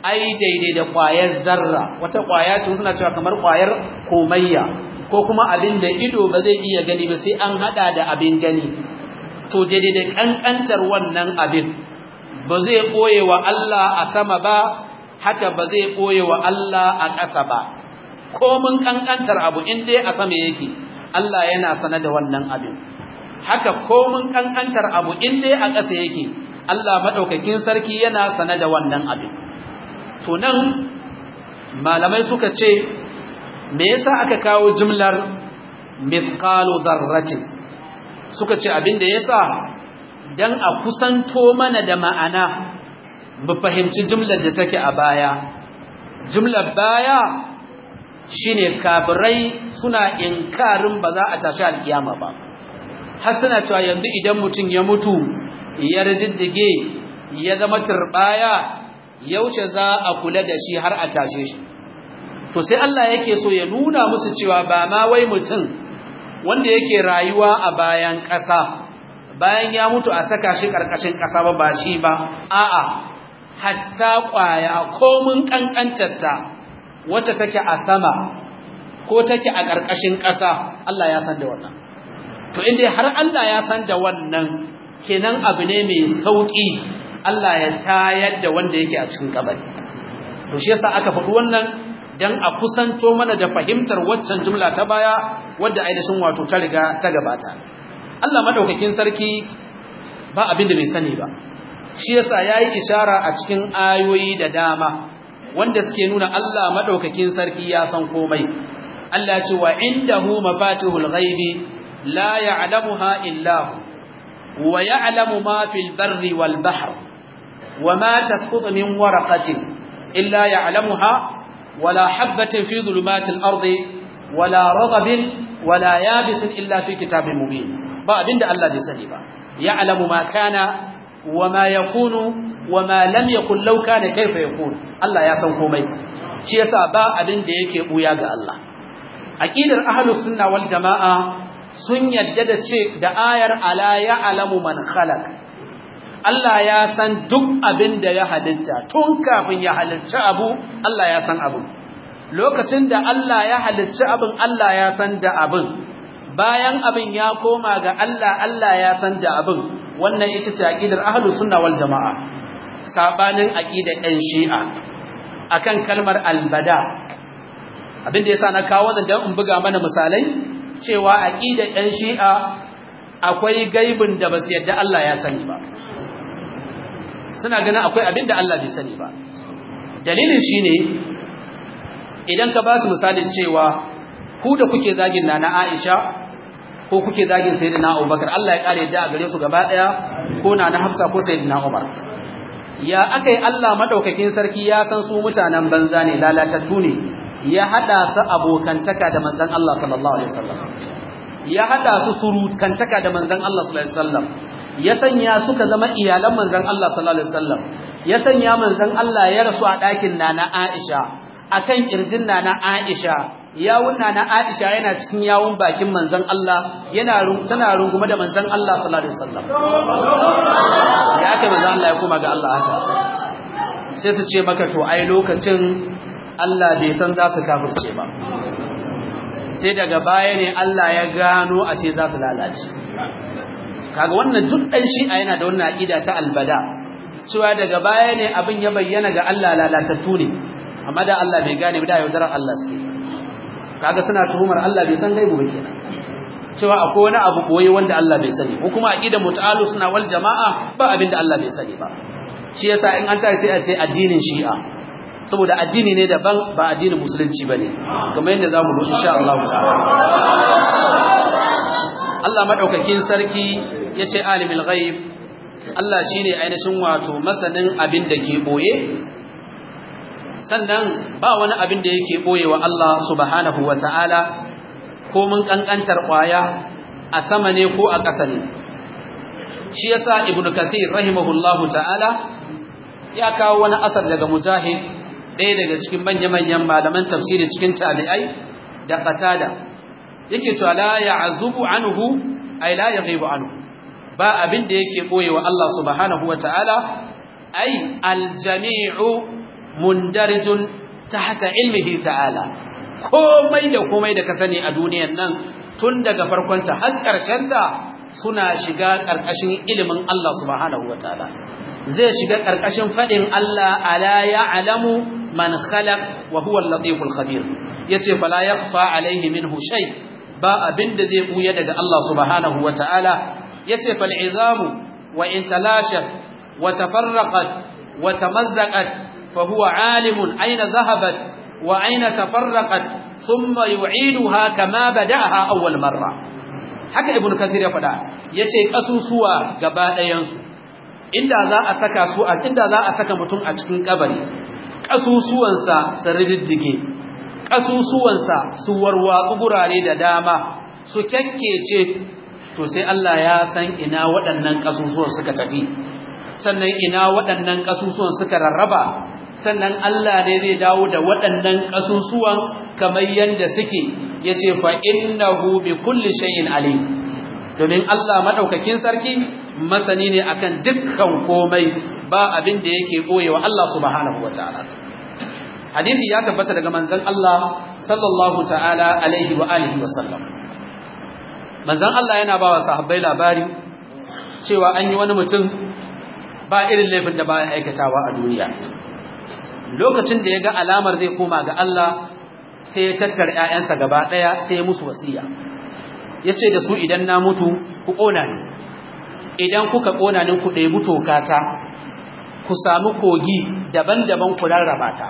ai daidai da ƙwayar zarra wata ƙwaya ce suna cewa kamar ƙwayar komayya ko kuma abin da ido ba zai iya gani ba sai an hada da abin gani to daidai da kankantar wannan abin ba zai koye wa Allah a sama ba haka ba zai koye wa Allah a ƙasa ba komin kankantar abu in dai a sama yake Allah yana sana da wannan abin haka komin kankantar abu in dai a ƙasa yake Allah madaukakin sarki yana sana da wannan abin to nan malamai suka ce me yasa aka kawo jimlar mithqalu dharratin suka ce abinda da yasa dan a kusanto mana da ma'ana mu fahimci jimlar da take a baya jimlar baya shine kabirai suna inkarin ba za a tashi alkiyama ba har suna cewa yanzu idan mutum ya mutu ya riddige ya zama turbaya yaushe za a kula da shi har a tashe shi to sai Allah yake so ya nuna musu cewa ba ma wai mutum wanda yake rayuwa a bayan ƙasa bayan ya mutu a saka shi ƙarƙashin ƙasa ba ba shi ba a'a hatta ƙwaya komin ƙanƙantarta wacce take a sama ko take a ƙarƙashin ƙasa Allah ya san da wannan to inda har Allah ya san da wannan kenan abu ne mai sauƙi Allah ya tayar da wanda yake a cikin kabari to shi yasa aka faɗi wannan dan a kusanto mana da fahimtar waccan jumla ta baya wadda ainihin wato ta riga ta gabata Allah madaukakin sarki ba abin da bai sani ba shi yasa yayi ishara a cikin ayoyi da dama wanda suke nuna Allah madaukakin sarki ya san komai Allah ce wa indahu mafatihul ghaibi la ya'lamuha illa hu wa ya'lamu ma fil barri wal bahr wa ma tasqutu min waraqatin illa ya'lamuha wala habbatin fi zulumatil ardi wala ragabin wala yabisin illa fi kitabin mubin ba abinda Allah bai sani ba ya'lamu ma kana wama yakunu wama lam yakun law kana kaifa yakun Allah ya san komai shi yasa ba abin da yake buya ga Allah aqidar ahlus sunna wal jamaa sun yadda da ce da ayar ala ya'lamu man khalaq Allah ya san duk abin da ya halitta tun kafin ya halicci abu Allah ya san abu lokacin da Allah ya halicci abin Allah ya san da abin bayan abin ya koma ga Allah Allah ya san da abin wannan ita ce aqidar ahlus sunna wal jamaa sabanin aqidar ɗan shi'a akan kalmar albada abin da yasa na kawo wannan dan in buga mana misalai cewa aqidar ɗan shi'a akwai gaibin da ba su yadda Allah ya sani ba suna ganin akwai abin da Allah bai sani ba dalilin shine idan ka ba su misalin cewa ku da kuke zagin nana Aisha ko kuke zagin sayyidina Abubakar Allah ya kare da a gare su gaba daya ko nana Hafsa ko sayyidina Umar ya akai Allah madaukakin sarki ya san su mutanen banza ne lalatattu ne ya hada su abokantaka da manzon Allah sallallahu alaihi wasallam ya hada su surukantaka da manzon Allah sallallahu alaihi wasallam ya sanya suka zama iyalan manzon Allah sallallahu alaihi wasallam ya sanya manzon Allah ya rasu a ɗakin nana Aisha akan kirjin nana Aisha yawun Nana Aisha yana cikin yawun bakin manzon Allah yana tana rungume da manzon Allah sallallahu alaihi wasallam ya aka manzon Allah ya koma ga Allah haka sai su ce maka to ai lokacin Allah bai san za su kafirce ba sai daga baya ne Allah ya gano ashe za su lalace kaga wannan duk dan shi'a yana da wannan aqida ta albada cewa daga baya ne abin ya bayyana ga Allah lalatattu ne amma da Allah bai gane ba da yaudarar Allah suke kaga suna tuhumar Allah bai san gaibu ba kenan cewa akwai wani abu koyi wanda Allah bai sani ko kuma aqida muta'alu suna wal jama'a ba abin da Allah bai sani ba shi yasa in an tare sai a ce addinin shi'a saboda addini ne daban ba addinin musulunci bane kamar yadda zamu zo insha Allah ta'ala Allah madaukakin sarki yace alimul ghaib Allah shine ainihin wato masanin abin da ke boye sannan ba wani abin da yake boye wa Allah subhanahu ta’ala ko mun kankantar kwaya a sama ne ko a ƙasa ne shi yasa ibnu kathir rahimahullahu ta'ala ya kawo wani asar daga mujahid ɗaya daga cikin manya-manyan malaman tafsiri cikin tabi'ai da qatada yake cewa la ya'zubu anhu ay la yaghibu anhu ba abin da yake wa Allah subhanahu wataala ai aljami'u mundarijun tahta ilmihi ta'ala komai da komai da ka sani a duniyan nan tun daga farkonta har ƙarshenta suna shiga ƙarƙashin ilimin Allah subhanahu zai shiga ƙarƙashin faɗin Allah ala alamu man khalaq wa huwa latiful khabir yace fala yakhfa alayhi minhu shay ba abinda zai buya daga Allah subhanahu wataala yace fal izamu wa in wa tafarraqat wa tamazzaqat fa huwa alimun aina zahabat wa aina tafarraqat thumma yu'iduha kama bada'aha awwal marra haka ibn kathir ya faɗa yace kasusuwa gaba dayan su inda za a saka su a inda za a saka mutum a cikin kabari sa su riddige sa su warwatsu gurare da dama su kyankkece to sai Allah ya san ina waɗannan ƙasusuwan suka tafi sannan ina waɗannan ƙasusuwan suka rarraba sannan Allah ne zai dawo da waɗannan ƙasusuwan kamar yadda suke ya ce fa'innahu bi kulli shay'in alim domin Allah maɗaukakin sarki masani ne akan dukkan komai ba abin da yake ɓoyewa Allah subhanahu wa hadisi ya tabbata daga manzon Allah sallallahu ta'ala alaihi wa alihi wa sallam manzon Allah yana ba wa sahabbai labari cewa an yi wani mutum ba irin laifin da ba ya aikatawa a duniya lokacin da ya ga alamar zai koma ga Allah sai ya tattara ƴaƴansa gaba ɗaya sai ya musu wasiya ya ce da su idan na mutu ku ƙona ni idan kuka ƙona ni ku ɗebi tokata ku samu kogi daban-daban ku rarraba ta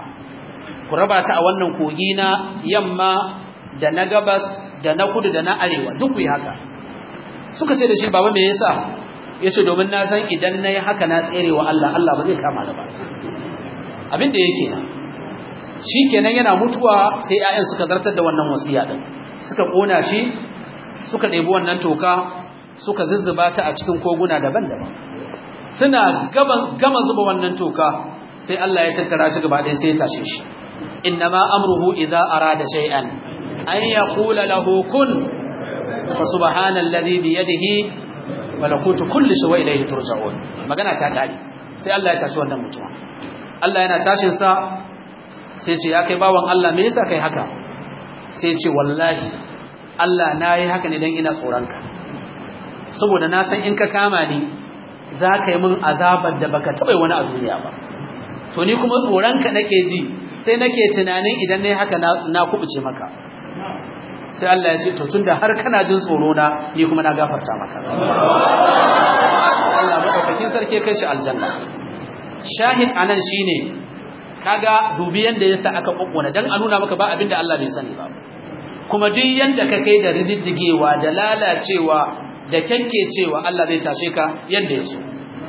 ku raba ta a wannan kogi na yamma da na gabas da na kudu da na arewa duk ku yi haka suka ce da shi baba me yasa ce domin na san idan nayi haka na tserewa Allah Allah ba zai kama da ba abin da yake na shikenan yana mutuwa sai 'ya'yan suka zartar da wannan wasiya din suka kona shi suka ɗebi wannan toka suka zuzzuba ta a cikin koguna daban-daban suna gama zuba wannan toka sai Allah ya tattara shi gaba ɗaya sai ya tashe shi innama amruhu idza arada shay'an an yaqula lahu kun fa subhanalladhi bi yadihi malakutu kulli shay wa ilayhi turja'un magana ta kare sai Allah ya tashi wannan mutuwa. Allah yana tashin sa sai ce ya kai bawan Allah me yasa kai haka sai ce wallahi Allah na yi haka ne dan ina tsoronka saboda na san in ka kama ni za ka yi min azabar da baka taɓa wani a ba to ni kuma tsoronka nake ji sai nake tunanin idan na haka na kubuce maka sai Allah ya ce to tunda har kana jin tsoro na ni kuma na gafarta maka Allah madaukakin sarki kai shi aljanna shahid anan shine kaga dubi yanda yasa aka kokkona dan a nuna maka ba abin da Allah bai sani ba kuma duk yanda ka kai da rijiddigewa da lalacewa da cewa Allah zai tashe ka yanda yaso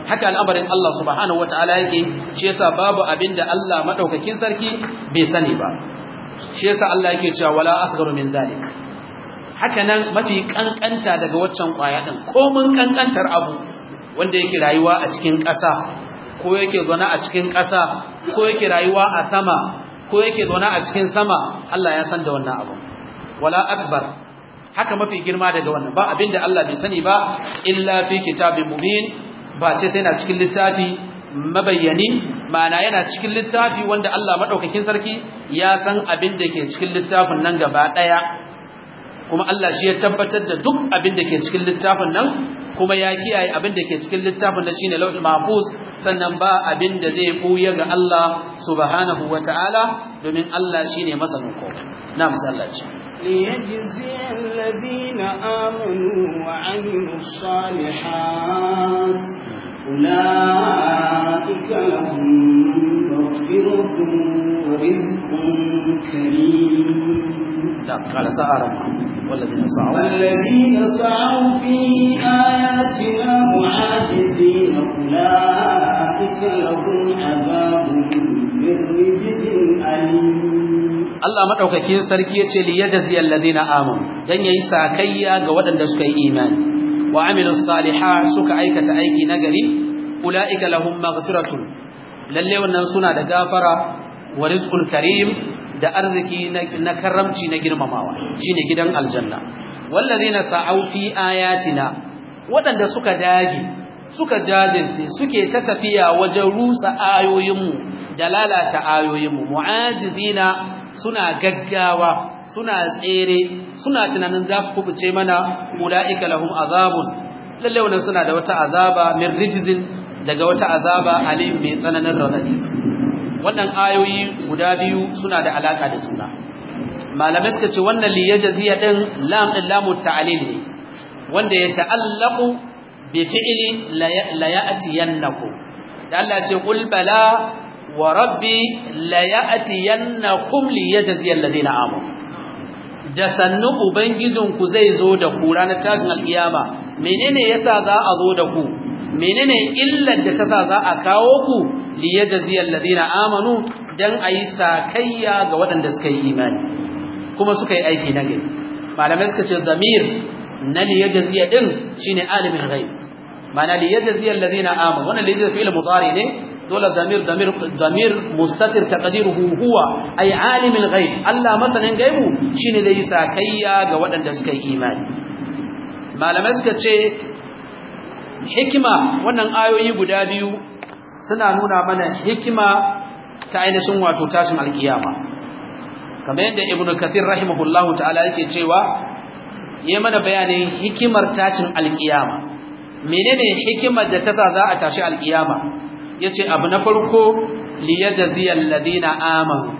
haka al'amarin Allah subhanahu wataala yake shi yasa babu abin da Allah madaukakin sarki bai sani ba shi yasa Allah yake cewa wala asgharu min dalik. haka nan mafi kankanta daga waccan kwaya din mun kankantar abu wanda yake rayuwa a cikin ƙasa ko yake zaune a cikin ƙasa ko yake rayuwa a sama ko yake zaune a cikin sama Allah ya san da wannan abu wala akbar haka mafi girma daga wannan ba abinda Allah bai sani ba illa fi kitabin mubin ba ce sai na cikin littafi mabayyani ma'ana yana cikin littafi wanda Allah madaukakin sarki ya san abin da ke cikin littafin nan gaba daya kuma Allah shi ya tabbatar da duk abin da ke cikin littafin nan kuma ya kiyaye abin da ke cikin littafin nan shine lauhul mahfuz sannan ba abin da zai buya ga Allah subhanahu wataala domin Allah shine masanin komai na misalci ليجزي الذين آمنوا وعملوا الصالحات أولئك لهم مغفرة ورزق كريم لا قال سأرى والذين سعوا والذين سعوا في آياتنا معاجزين أولئك لهم عذاب من رجز أليم Allah madaukakin sarki yace li yajzi alladhina amanu dan yayi sakayya ga waɗanda suka yi imani wa Saliha suka aikata aiki nagari ulaika lahum maghfiratun lalle wannan suna da gafara wa rizqul karim da arziki na karamci na girmamawa shine gidan aljanna wallazina sa'au fi ayatina wadanda suka dage suka jadince suke ta tafiya wajen rusa ayoyinmu da lalata ayoyinmu mu'ajizina suna gaggawa suna tsere suna tunanin za su kubuce mana ula'ika lahum azabun lalle wannan suna da wata azaba min rijzin daga wata azaba alim mai tsananin radadi wannan ayoyi guda biyu suna da alaka da juna malamai suka ce wannan liyajziya din lam din lamu ta'lil ne wanda ya ta'allaqu bi fi'li la ya'tiyannakum da Allah ce qul bala wa rabbi la ya'tiyannakum liyajziya alladhina amanu da sannu ku zai zo da ku ranar tashin alkiyama menene yasa za a zo da ku menene illar da ta sa za a kawo ku li yajzi alladhina amanu dan ayi sakayya ga waɗanda suka yi imani kuma suka yi aiki na gari malamai suka ce zamir na li yajzi din shine alimin ghaib ma'ana li yajzi alladhina amanu wannan li yajzi fi'il mudari ne dole zamir, damir damir mustatir taqdiruhu huwa ay alimul ghaib Allah masanin gaibu shine da yasa kayya ga waɗanda suka yi imani malamai suka ce hikima wannan ayoyi guda biyu suna nuna mana hikima ta ainihin wato tashin alkiyama kamar yadda ibnu kathir rahimahullahu ta'ala yake cewa yayi mana bayanin hikimar tashin alkiyama menene hikimar da ta sa za a tashi alkiyama yace abu na farko liyajziyal ladina amanu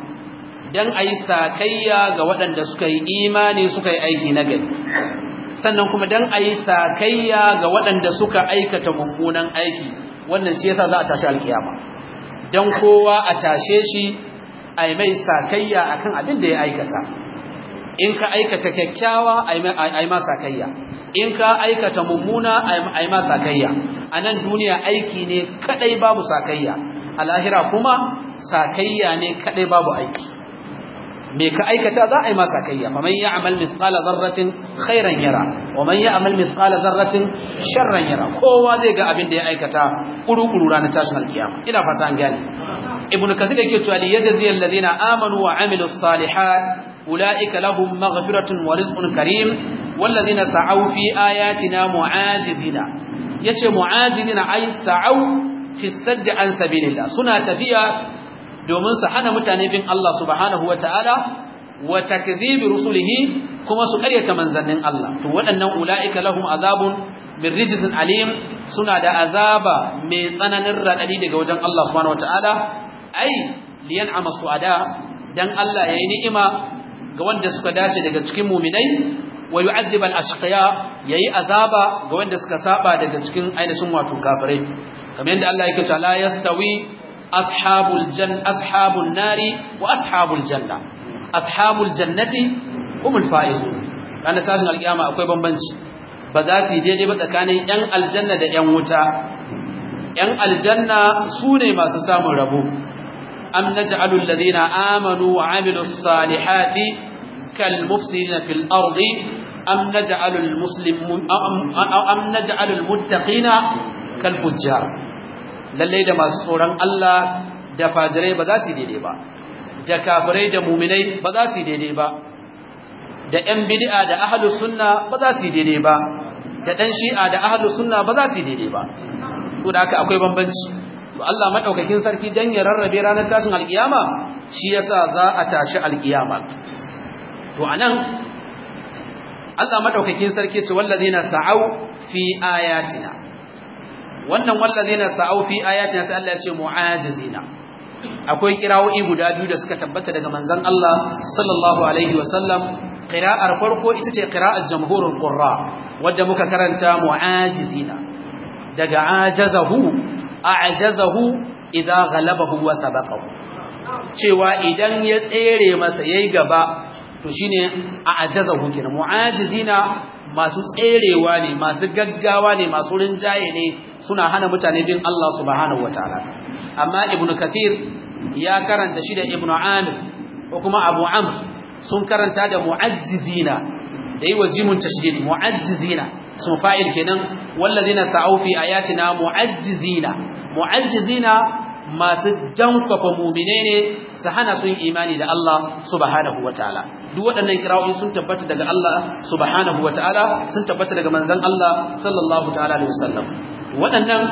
dan ayi sakayya ga waɗanda suka yi imani suka yi aiki na gari sannan kuma dan ayi sakayya ga waɗanda suka aikata mummunan aiki wannan shi yasa za a tashi alkiyama dan kowa a tashe shi ai mai sakayya akan abin da ya aikata in ka aikata kyakkyawa ai ma sakayya in ka aikata mummuna ai ma sakayya a nan duniya aiki ne kadai babu sakayya a lahira kuma sakayya ne kadai babu aiki me ka aikata za a yi ma sakayya fa man ya'mal mithqala dharratin khairan yara wa man ya'mal mithqala dharratin sharran yara kowa zai ga abin da ya aikata kurukuru ranar tashin alkiyama ina fata an gane ibnu kathir yake cewa li yajzi alladhina amanu wa amilus salihat ulaika lahum maghfiratun wa rizqun karim والذين سعوا في آياتنا معاجزين yace mu'ajilina ay sa'u fi sadd an sabilillah suna tafiya domin su hana mutane bin Allah subhanahu wataala wa takdhibi rusulihi kuma su karyata manzannin Allah to waɗannan ulaika lahum azabun min rijzin alim suna da azaba mai tsananin radadi daga wajen Allah subhanahu wataala ai liyan'ama su'ada dan Allah yayi ni'ima ga wanda suka dace daga cikin mu'minai wa yu'adhib ashqiya yayi azaba ga wanda suka saba daga cikin ainihin wato kafirai kamar yadda Allah yake cewa la yastawi ashabul janna ashabun nari wa ashabul janna ashabul jannati humul faizun ranar tashin alkiyama akwai bambanci ba za su yi daidai ba tsakanin yan aljanna da yan wuta yan aljanna sune masu samun rabo am naj'alul ladina amanu wa amilus salihati كالمفسدين في الأرض أم نجعل المسلم أم نجعل المتقين كالفجار lallai da masu tsoron Allah da fajirai ba za su daidai ba da kafirai da muminai ba za su daidai ba da ƴan bid'a da ahlus sunna ba za su daidai ba da ɗan shi'a da ahlus sunna ba za su daidai ba to da haka akwai bambanci to Allah madaukakin sarki dan ya rarrabe ranar tashin alkiyama shi yasa za a tashi alkiyama to anan Allah madaukakin sarki ce wallazina sa'au fi ayatina wannan wallazina sa'au fi ayatina sai Allah ya ce mu'ajizina akwai kirawoyi guda biyu da suka tabbata daga manzon Allah sallallahu alaihi wasallam qira'ar farko ita ce qira'ar jamhurul qurra wadda muka karanta mu'ajizina daga ajazahu a'jazahu idza ghalabahu wa sabaqahu cewa idan ya tsere masa yayi gaba to ne a ajazahu kenan mu'ajizina masu tserewa ne masu gaggawa ne masu rinjaye ne suna hana mutane bin Allah subhanahu wataala amma ibnu kathir ya karanta shi da ibnu amir ko kuma abu amr sun karanta da mu'ajizina da yiwa wa jimun tashdid mu'ajizina sun fa'il kenan wallazina sa'u fi ayatina mu'ajizina mu'ajizina masu jankwafa mumine ne su hana sun imani da Allah subhanahu ta'ala duk waɗannan kira'o'i sun tabbata daga Allah subhanahu ta'ala sun tabbata daga manzon Allah sallallahu ta'ala alaihi wasallam waɗannan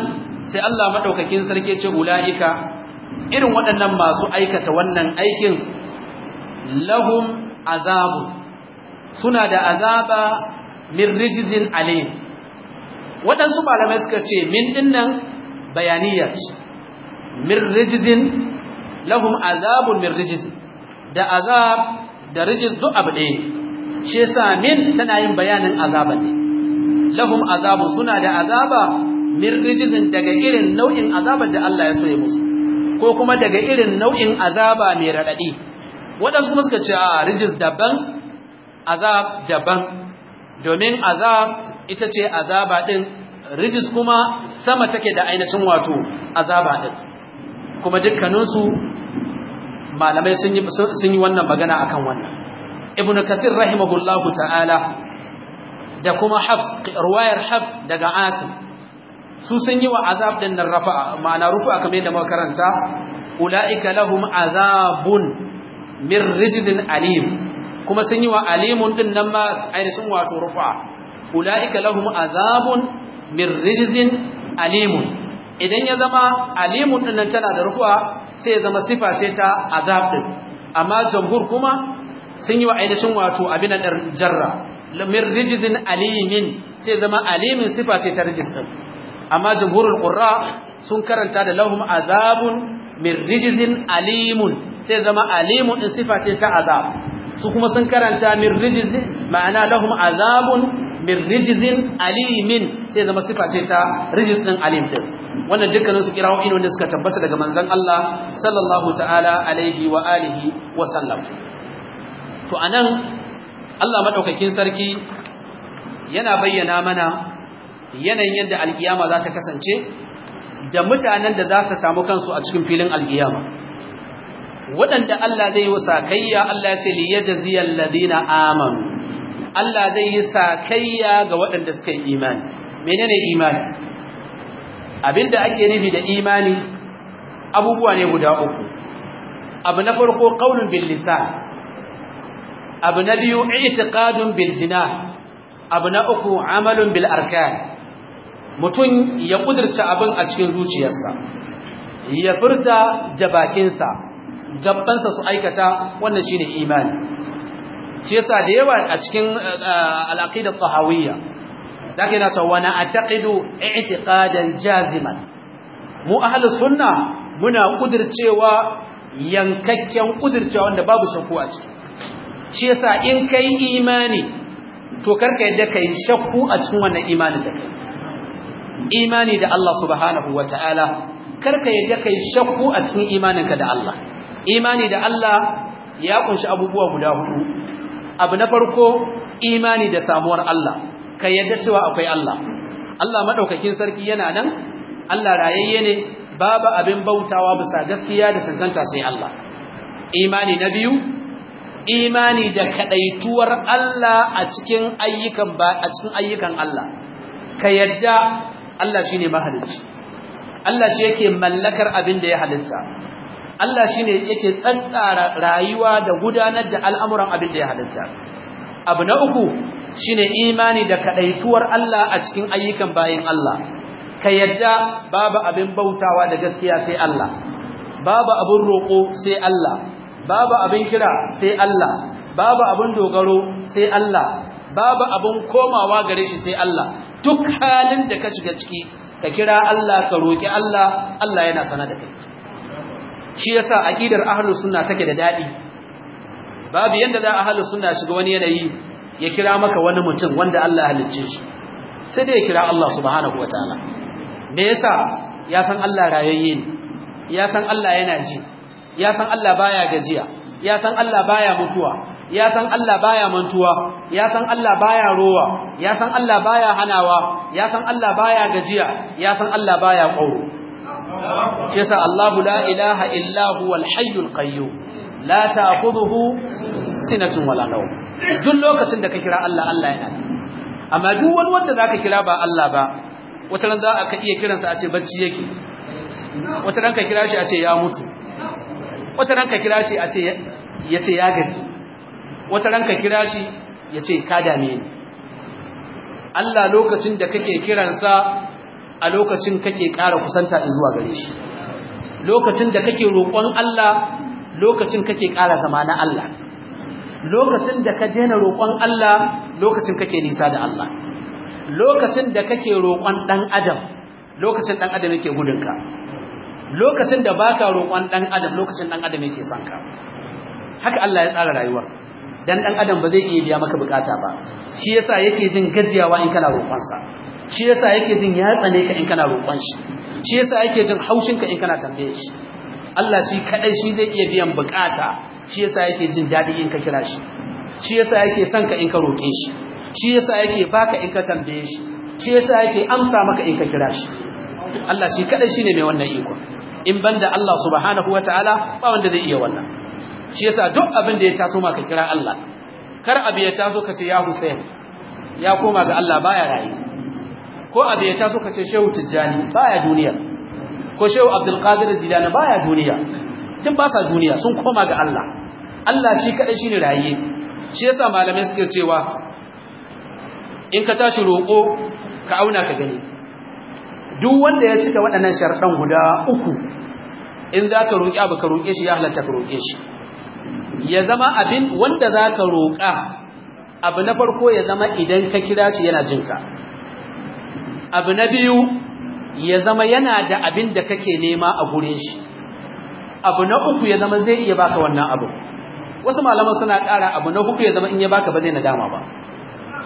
sai Allah madaukakin sarki ce ulaika irin waɗannan masu aikata wannan aikin lahum azabu suna da azaba min rijzin alim waɗansu malamai suka ce min dinnan bayaniyat min rijizin lahum azabun min da azab da rijiz duk abu ɗaya shi yasa min tana yin bayanin azaba ne lahum azabun suna da azaba min rijizin daga irin nau'in azabar da Allah ya so ya musu ko kuma daga irin nau'in azaba mai raɗaɗi waɗansu kuma suka ce a rijiz daban azab daban domin azab ita ce azaba ɗin rijis kuma sama take da ainihin wato azaba ɗin kuma dukkaninsu malamai sun yi wannan magana akan wannan ibn kathir rahimahullahu ta'ala da kuma hafs ruwayar hafs daga asim su sun yi wa azab din nan rafa ma'ana rufa kamar yadda muka karanta ulaika lahum azabun min rijlin alim kuma sun yi wa alimun din nan ma sun wato rufa ulaika lahum azabun min rijlin alimun idan ya zama alimun nan tana da rufuwa sai ya zama sifa ce ta azab din amma jamhur kuma sun yi wa ainihin wato abin da jarra min rijizin alimin sai zama alimin sifa ce ta rijistan amma jamhurul qurra sun karanta da lahum azabun min rijizin alimun sai zama alimun din sifa ce ta azab su kuma sun karanta min rijizin ma'ana lahum azabun min rijizin alimin sai zama sifa ce ta rijizin alim din wannan dukkanin su kirawo ino ne suka tabbata daga manzon Allah sallallahu ta'ala alaihi wa alihi wa sallam to anan Allah madaukakin sarki yana bayyana mana yanayin yadda alkiyama za ta kasance da mutanen da za su samu kansu a cikin filin alkiyama waɗanda Allah zai yi kaiya Allah ya ce yajziyal ladina amanu Allah zai yi sakayya ga waɗanda suka yi imani menene imani abin da ake nufi da imani abubuwa ne guda uku abu na farko ƙaunin bil abu na biyu itikadun bil jina, abu na uku amalin bil arkan mutum ya ƙudurci abin a cikin zuciyarsa ya furta da bakinsa gabbansa su aikata wannan shine imani shi yasa da yawa a cikin eh, eh, al-aqida tahawiyya zaka yana cewa na ataqidu i'tiqadan jaziman mu ahlus sunna muna kudircewa yankakken kudircewa wanda babu shakku a ciki shi yasa in kai imani to karka yadda kai shakku a cikin wannan imani da kai imani da Allah subhanahu ta'ala karka yadda kai shakku a cikin imaninka da Allah imani da Allah ya kunshi abubuwa guda hudu abu na farko imani da samuwar Allah ka yadda cewa akwai Allah Allah madaukakin sarki yana nan Allah rayayye ne babu abin bautawa bisa gaskiya da tantanta sai Allah imani na biyu imani da kadaituwar Allah a cikin ayyukan ba a cikin ayyukan Allah ka yadda Allah shine mahalicci Allah shi yake mallakar abin da ya halitta Allah shi ne yake tsantsara rayuwa da gudanar da al'amuran abin da ya halitta abu na uku shi ne imani da kaɗaituwar Allah a cikin ayyukan bayan Allah ka yadda babu abin bautawa da gaskiya sai Allah babu abin roƙo sai Allah babu abin kira sai Allah babu abin dogaro sai Allah babu abin komawa gare shi sai Allah duk halin da ka shiga ciki ka kira Allah ka roƙi Allah Allah yana sana da kai shi yasa aqidar ahlus sunna take da dadi babu yanda za ahlus sunna shiga wani yanayi ya kira maka wani mutum wanda Allah halicce shi sai dai ya kira Allah subhanahu wataala me yasa ya san Allah rayayye ne ya san Allah yana ji ya san Allah baya gajiya ya san Allah baya mutuwa ya san Allah baya mantuwa ya san Allah baya rowa ya san Allah baya hanawa ya san Allah baya gajiya ya san Allah baya kauro shi yasa Allahu la ilaha illa huwal hayyul qayyum la ta'khudhuhu sinatun wala nawm duk lokacin da ka kira Allah Allah yana amma duk wani wanda zaka kira ba Allah ba wata ran za ka iya kiransa a ce bacci yake wata ran ka kira shi a ce ya mutu wata ran ka kira shi a ce ya ya gaji wata ran ka kira shi ya ka dame ni Allah lokacin da kake kiransa a lokacin kake ƙara kusanta zuwa gare shi lokacin da kake roƙon Allah lokacin kake ƙara zama na Allah lokacin da ka daina roƙon Allah lokacin kake nisa da Allah lokacin da kake roƙon ɗan adam lokacin ɗan adam yake gudunka lokacin da baka roƙon ɗan adam lokacin ɗan adam yake sanka? ka haka Allah ya tsara rayuwar dan ɗan adam ba zai iya biya maka bukata ba shi yasa yake jin gajiyawa in kana roƙonsa shi yasa yake jin ya tsane ka in kana roƙon shi shi yasa yake jin haushin ka in kana tambaye shi Allah shi kadai shi zai iya biyan bukata shi yasa yake jin daɗi in ka kira shi shi yasa yake son ka in ka roƙe shi shi yasa yake baka in ka tambaye shi shi yasa yake amsa maka in ka kira shi Allah shi kadai shine mai wannan iko in banda Allah subhanahu wataala ba wanda zai iya wannan shi yasa duk abin da ya taso maka kira Allah kar abu ya taso ka ce ya Hussein ya koma ga Allah baya rayu ko abu ya taso ce shehu tijjani baya duniya ko shehu abdul qadir jilani baya duniya tun ba sa duniya sun koma ga Allah Allah shi kadai shine raye shi yasa malamai suke cewa in ka tashi roƙo ka auna ka gani duk wanda ya cika waɗannan sharɗan guda uku in za ka roƙi abu ka roƙe shi ya halatta ka roƙe shi ya zama abin wanda za ka roƙa abu na farko ya zama idan ka kira shi yana jinka abu na biyu ya zama yana da abin da kake nema a gurin shi abu na uku ya zama zai iya baka wannan abu wasu malaman suna ƙara abu na uku ya zama in ya baka ba zai nadama ba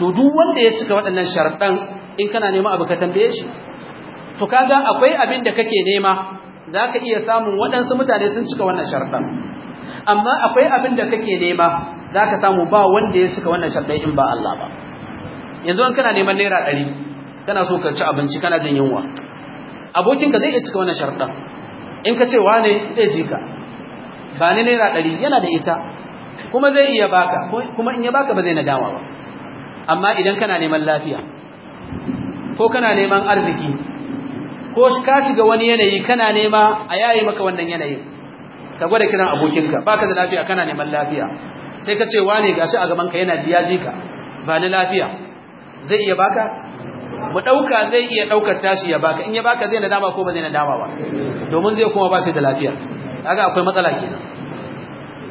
to duk wanda ya cika waɗannan sharɗan in kana nema abu ka tambaye shi to kaga akwai abin da kake nema za ka iya samun waɗansu mutane sun cika wannan sharɗan amma akwai abin da kake nema za ka samu ba wanda ya cika wannan sharɗan in ba Allah ba yanzu an kana neman naira ɗari kana so ka ci abinci kana jin yunwa abokinka zai iya cika wannan sharɗan in ka ce wane zai ji ka ba ni naira ɗari yana da ita kuma zai iya baka kuma in ya baka ba zai nadama ba amma idan kana neman lafiya ko kana neman arziki ko ka shiga wani yanayi kana nema a yayi maka wannan yanayin ka gwada kiran abokinka baka da lafiya kana neman lafiya sai ka ce wane gashi a gaban ka yana ji ya ji ka ba ni lafiya zai iya baka mu dauka zai iya daukar tashi ya baka in ya baka zai nadama ko ba zai nadama ba domin zai kuma ba shi da lafiya kaga akwai matsala kenan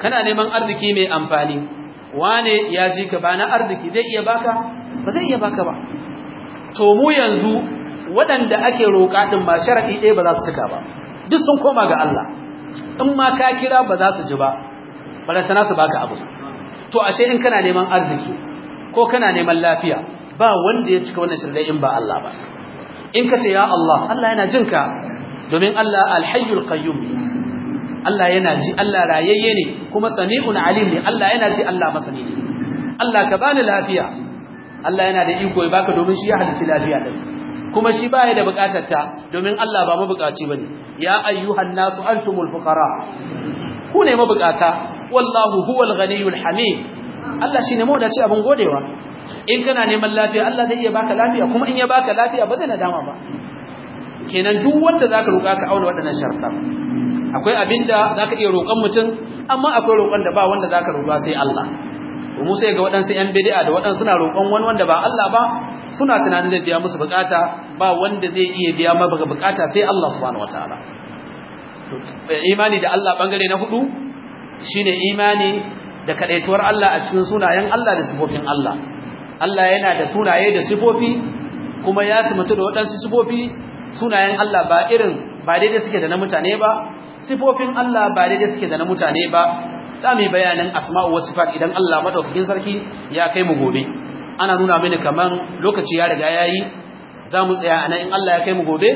kana neman arziki mai amfani wane ya ji ka ba na arziki zai iya baka ba zai iya baka ba to mu yanzu waɗanda ake roƙa din ba sharadi ɗaya ba za su cika ba duk sun koma ga Allah in ma ka kira ba za su ji ba balantana su baka abu to ashe in kana neman arziki ko kana neman lafiya ba wanda ya cika wannan sharadai in ba Allah ba in ka ce ya Allah Allah yana jin ka domin Allah alhayyul qayyum Allah yana ji Allah rayayye ne kuma sami'un alim ne Allah yana ji Allah masani ne Allah ka bani lafiya Allah yana da iko ya baka domin shi ya halicci lafiya din kuma shi baya da bukatar ta domin Allah ba mabukaci bane ya ayyuhan nasu antumul fuqara ku ne mabukata wallahu huwal ghaniyul hamid Allah shine mawdaci abin godewa in kana neman lafiya Allah zai iya baka lafiya kuma in ya baka lafiya ba zai nadama ba kenan duk wanda zaka roƙa ka auna waɗannan sharta akwai abinda zaka iya roƙon mutum amma akwai roƙon da ba wanda zaka roƙa sai Allah mu sai ga wadansu ƴan bid'a da wadansu suna roƙon wani wanda ba Allah ba suna tunanin zai biya musu bukata ba wanda zai iya biya maka bukata sai Allah subhanahu wataala eh, imani da Allah bangare na hudu shine imani da kadaituwar Allah a cikin sunayen Allah da sifofin Allah Allah yana da sunaye da sifofi kuma ya mutu da waɗansu sifofi sunayen Allah ba irin ba daidai suke da na mutane ba sifofin Allah ba daidai suke da na mutane ba za mu yi bayanin asma'u wa sifat idan Allah madaukakin sarki ya kai mu gobe ana nuna mini kaman lokaci ya riga yayi za mu tsaya anan in Allah ya kai mu gobe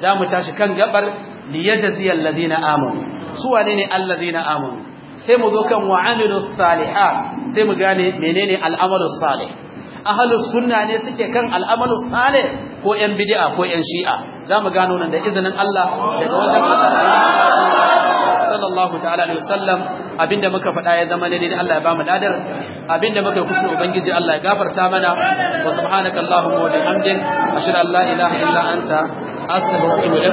za mu tashi kan gabar liyadziyal ladina amanu su wane ne alladina amanu sai mu zo kan wa'amilus salihat sai mu gane menene al'amalus salih ahlus sunna ne suke kan al'amalu salih ko yan bid'a ko yan shi'a zamu gano nan da izinin Allah daga wajen Allah sallallahu ta'ala alaihi wasallam abinda muka faɗa ya zama ne dai Allah ya bamu ladar abinda muka yi kuskure ubangiji Allah ya gafarta mana wa subhanaka allahumma wa bihamdik ashhadu an la ilaha illa anta astaghfiruka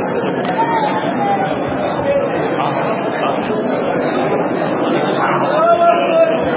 wa atubu ilaik